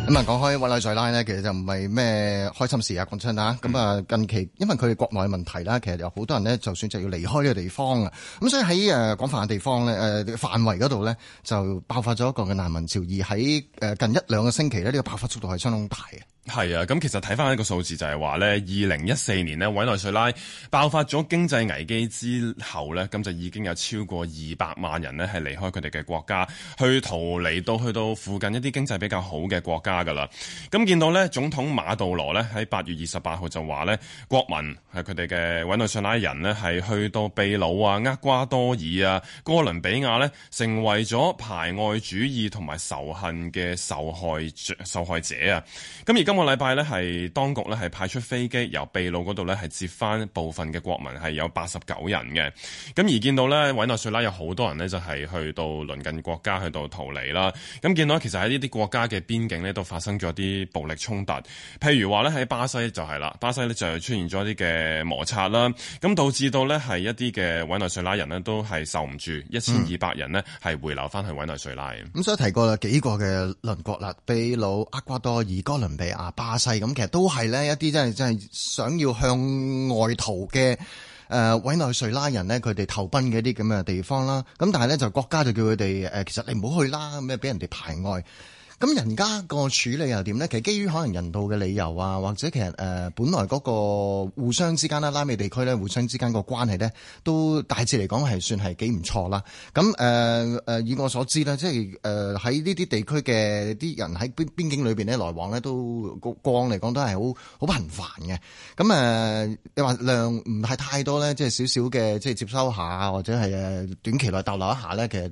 咁啊，講開委內瑞拉呢，其實就唔係咩開心事啊，講真啊。咁啊，近期因為佢哋國內嘅問題啦，其實有好多人呢，就選擇要離開呢個地方啊。咁所以喺誒廣泛嘅地方咧、啊，範圍嗰度咧，就爆發咗一個嘅難民潮，而喺近一兩個星期咧，呢、這個爆發速度係相當大嘅。係啊，咁其實睇返一個數字就係話咧，二零一四年呢，委內瑞拉爆發咗經濟危機之後呢，咁就已經有超過二百萬人呢係離開佢哋嘅國家，去逃離到去到附近一啲經濟比較好嘅國家噶啦。咁見到呢總統馬杜羅呢，喺八月二十八號就話呢，國民係佢哋嘅委內瑞拉人呢，係去到秘魯啊、厄瓜多爾啊、哥倫比亞呢，成為咗排外主義同埋仇恨嘅受害者受害者啊。咁今個禮拜呢係當局呢係派出飛機由秘魯嗰度呢係接翻部分嘅國民，係有八十九人嘅。咁而見到呢，委內瑞拉有好多人呢，就係去到鄰近國家去到逃離啦。咁見到其實喺呢啲國家嘅邊境呢，都發生咗啲暴力衝突，譬如話呢，喺巴西就係啦，巴西呢就出現咗啲嘅摩擦啦，咁導致到呢，係一啲嘅委內瑞拉人呢，都係受唔住，一千二百人呢，係回流翻去委內瑞拉。咁、嗯、所以提過幾個嘅鄰國啦，秘魯、厄瓜多爾、哥倫比亞。啊！巴西咁，其實都係咧一啲真係真係想要向外逃嘅誒委內瑞拉人咧，佢哋投奔嘅一啲咁嘅地方啦。咁但係咧就國家就叫佢哋誒，其實你唔好去啦，咩俾人哋排外。咁人家個處理又點咧？其實基於可能人道嘅理由啊，或者其實誒，本來嗰個互相之間啦，拉美地區咧，互相之間個關係咧，都大致嚟講係算係幾唔錯啦。咁誒誒，以我所知呢，即係誒喺呢啲地區嘅啲人喺邊邊境裏面咧來往咧，個都個量嚟講都係好好頻繁嘅。咁誒、呃，你話量唔係太多咧，即係少少嘅，即係接收下，或者係短期內逗留一下咧，其實。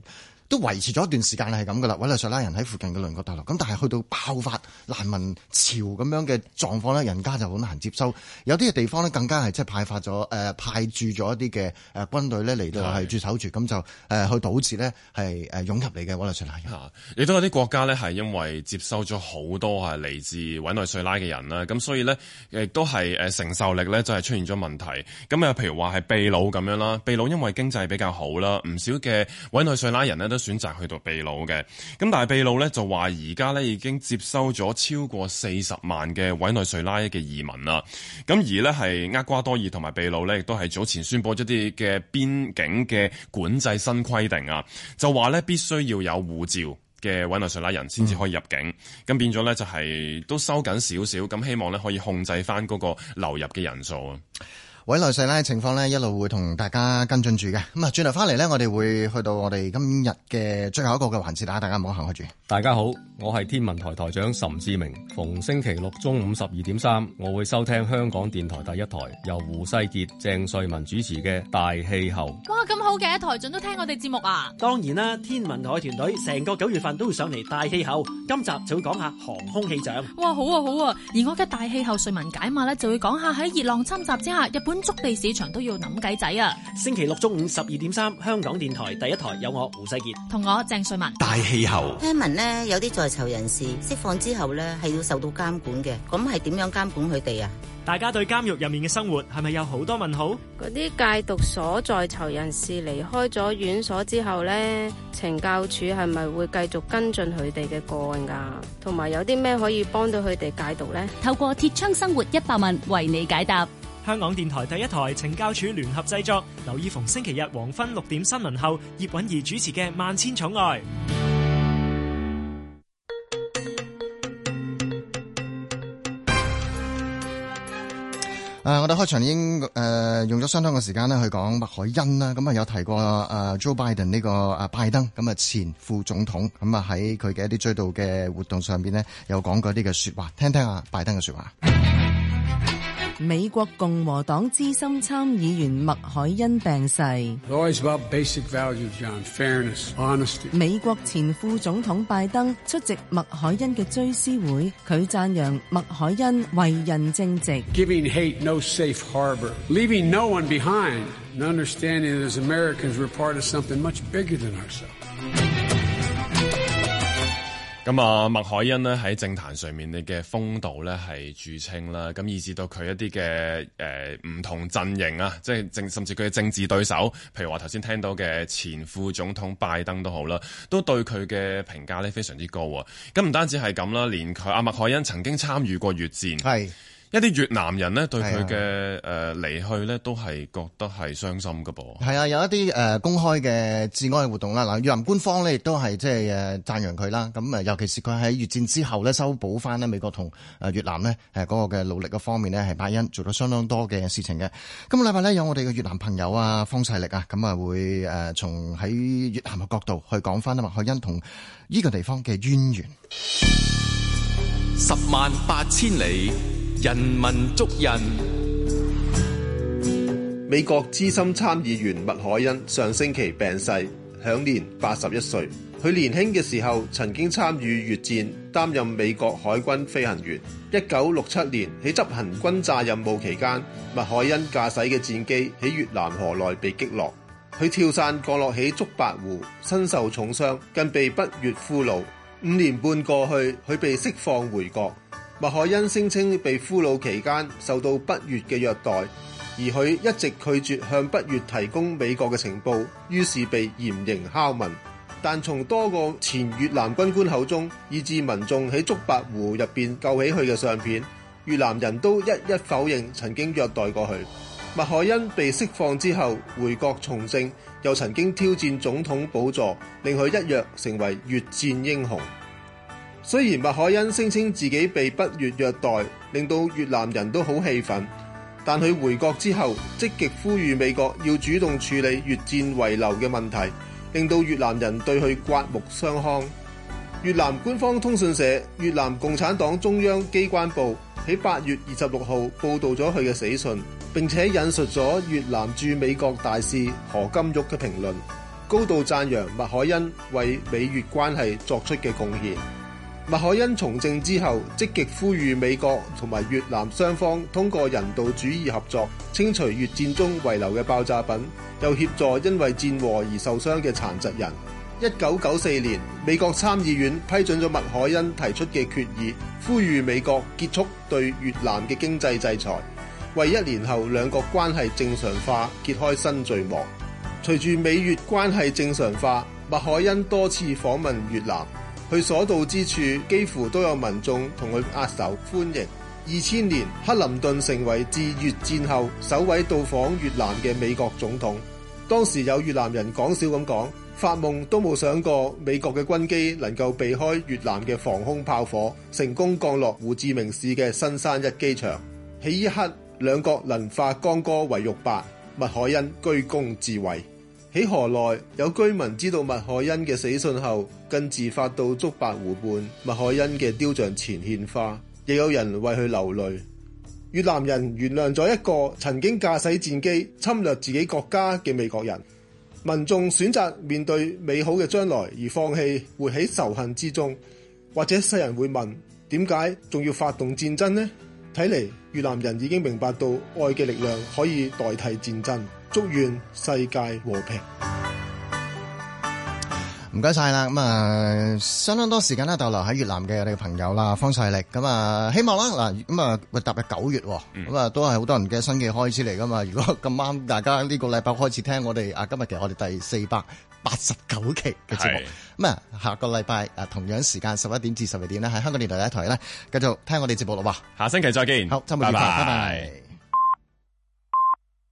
都維持咗一段時間係咁噶啦，委內瑞拉人喺附近嘅鄰國大陸。咁但係去到爆發難民潮咁樣嘅狀況咧，人家就好難接收。有啲嘅地方呢更加係即係派發咗、呃、派駐咗一啲嘅誒軍隊呢嚟到係駐守住，咁是就誒、呃、去堵截呢係誒湧入你嘅委內瑞拉人。亦都有啲國家呢係因為接收咗好多係嚟自委內瑞拉嘅人啦，咁所以呢，亦都係承受力呢就係出現咗問題。咁啊，譬如話係秘魯咁樣啦，秘魯因為經濟比較好啦，唔少嘅委內瑞拉人呢。都。選擇去到秘魯嘅，咁但係秘魯咧就話而家咧已經接收咗超過四十萬嘅委內瑞拉嘅移民啦，咁而呢，係厄瓜多爾同埋秘魯咧亦都係早前宣布咗啲嘅邊境嘅管制新規定啊，就話咧必須要有護照嘅委內瑞拉人先至可以入境，咁、嗯、變咗咧就係都收緊少少，咁希望咧可以控制翻嗰個流入嘅人數啊。委內塞呢情況呢，一路會同大家跟進住嘅，咁啊轉頭翻嚟呢，我哋會去到我哋今日嘅最後一個嘅環節，大家唔好行開住。大家好，我係天文台台長岑志明。逢星期六中午十二點三，我會收聽香港電台第一台，由胡世傑、鄭瑞文主持嘅《大氣候》。哇，咁好嘅，台長都聽我哋節目啊！當然啦，天文台團隊成個九月份都會上嚟《大氣候》。今集就會講下航空氣象。哇，好啊，好啊！而我嘅《大氣候》瑞文解碼呢，就會講下喺熱浪侵襲之下，日本。築地市場都要諗計仔啊！星期六中午十二點三，3，香港電台第一台有我胡世杰同我鄭瑞文。大氣候，聽聞呢，有啲在囚人士釋放之後呢，係要受到監管嘅，咁係點樣監管佢哋啊？大家對監獄入面嘅生活係咪有好多問號？嗰啲戒毒所在囚人士離開咗院所之後呢，懲教署係咪會繼續跟進佢哋嘅個案噶？同埋有啲咩可以幫到佢哋戒毒呢？透過鐵窗生活一百問為你解答。香港電台第一台懲教署聯合製作，留意逢星期日黃昏六點新聞後，葉允儀主持嘅《萬千寵愛》。誒、呃，我哋開場已經誒、呃、用咗相當嘅時間咧去講麥凱恩啦，咁啊有提過誒、呃、Joe Biden 呢、這個啊拜登咁啊前副總統，咁啊喺佢嘅一啲追悼嘅活動上邊咧，有講過啲嘅說話，聽聽啊拜登嘅說話。美國共和黨資深參議員麥凱恩病逝。美國前副總統拜登出席麥凱恩嘅追思會，佢讚揚麥凱恩為人正直。咁啊，麥凱恩呢喺政壇上面嘅風度呢係著稱啦，咁以至到佢一啲嘅誒唔同陣營啊，即係甚至佢嘅政治對手，譬如話頭先聽到嘅前副總統拜登都好啦，都對佢嘅評價呢非常之高啊！咁唔單止係咁啦，連佢阿麥凱恩曾經參與過越戰。係。一啲越南人呢對佢嘅誒離去呢都係覺得係傷心噶噃係啊，有一啲誒公開嘅致哀嘅活動啦。嗱，越南官方呢亦都係即係誒讚揚佢啦。咁啊，尤其是佢喺越戰之後呢，修補翻呢美國同誒越南呢誒嗰個嘅努力嘅方面呢，係麥凱恩做咗相當多嘅事情嘅。今個禮拜呢，有我哋嘅越南朋友啊方世力啊，咁啊會誒從喺越南嘅角度去講翻啊，麥凱恩同呢個地方嘅淵源。十萬八千里。人民捉人，美國資深參議員麥凱恩上星期病逝，享年八十一歲。佢年輕嘅時候曾經參與越戰，擔任美國海軍飛行員。一九六七年喺執行轟炸任務期間，麥凱恩駕駛嘅戰機喺越南河內被擊落，佢跳傘降落喺竹白湖，身受重傷，更被北越俘虜。五年半過去，佢被釋放回國。麥凱恩聲稱被俘虜期間受到北越嘅虐待，而佢一直拒絕向北越提供美國嘅情報，於是被嚴刑拷問。但從多個前越南軍官口中，以至民眾喺竹帛湖入邊救起佢嘅相片，越南人都一一否認曾經虐待過佢。麥凱恩被釋放之後回國從政，又曾經挑戰總統寶座，令佢一躍成為越戰英雄。雖然麥凱恩聲稱自己被北越虐待，令到越南人都好氣憤，但佢回國之後積極呼籲美國要主動處理越戰遺留嘅問題，令到越南人對佢刮目相看。越南官方通訊社越南共產黨中央機關報喺八月二十六號報道咗佢嘅死訊，並且引述咗越南駐美國大使何金玉嘅評論，高度讚揚麥凱恩為美越關係作出嘅貢獻。麥凱恩從政之後，積極呼籲美國同埋越南雙方通過人道主義合作，清除越戰中遺留嘅爆炸品，又協助因為戰禍而受傷嘅殘疾人。1994年，美國參議院批准咗麥凱恩提出嘅決議，呼籲美國結束對越南嘅經濟制裁，為一年後兩國關係正常化揭開新序幕。隨住美越關係正常化，麥凱恩多次訪問越南。佢所到之處，幾乎都有民眾同佢握手歡迎。二千年，克林頓成為自越戰後首位到訪越南嘅美國總統。當時有越南人講笑咁講，發夢都冇想過美國嘅軍機能夠避開越南嘅防空炮火，成功降落胡志明市嘅新山一機場。喺呢一刻，兩國能化干戈為玉帛，麥凱恩居功至偉。喺河內，有居民知道麥凱恩嘅死訊後，更自發到竹白湖畔麥凱恩嘅雕像前獻花，亦有人為佢流淚。越南人原諒咗一個曾經駕駛戰機侵略自己國家嘅美國人，民眾選擇面對美好嘅將來而放棄活喺仇恨之中。或者世人會問：點解仲要發動戰爭呢？睇嚟越南人已經明白到愛嘅力量可以代替戰爭。祝願世界和平。唔該晒啦，咁、嗯、啊相當多時間咧逗留喺越南嘅我哋嘅朋友啦，方世力。咁、嗯、啊，希望啦嗱，咁、嗯、啊，喂，踏入九月，咁、嗯、啊，嗯、都係好多人嘅新嘅開始嚟噶嘛。如果咁啱，大家呢個禮拜開始聽我哋啊，今日其實我哋第四百八十九期嘅節目。咁啊是、嗯，下個禮拜啊，同樣時間十一點至十二點咧，喺香港電台第一台咧，繼續聽我哋節目啦。話下星期再見，好，周末愉快，拜拜。拜拜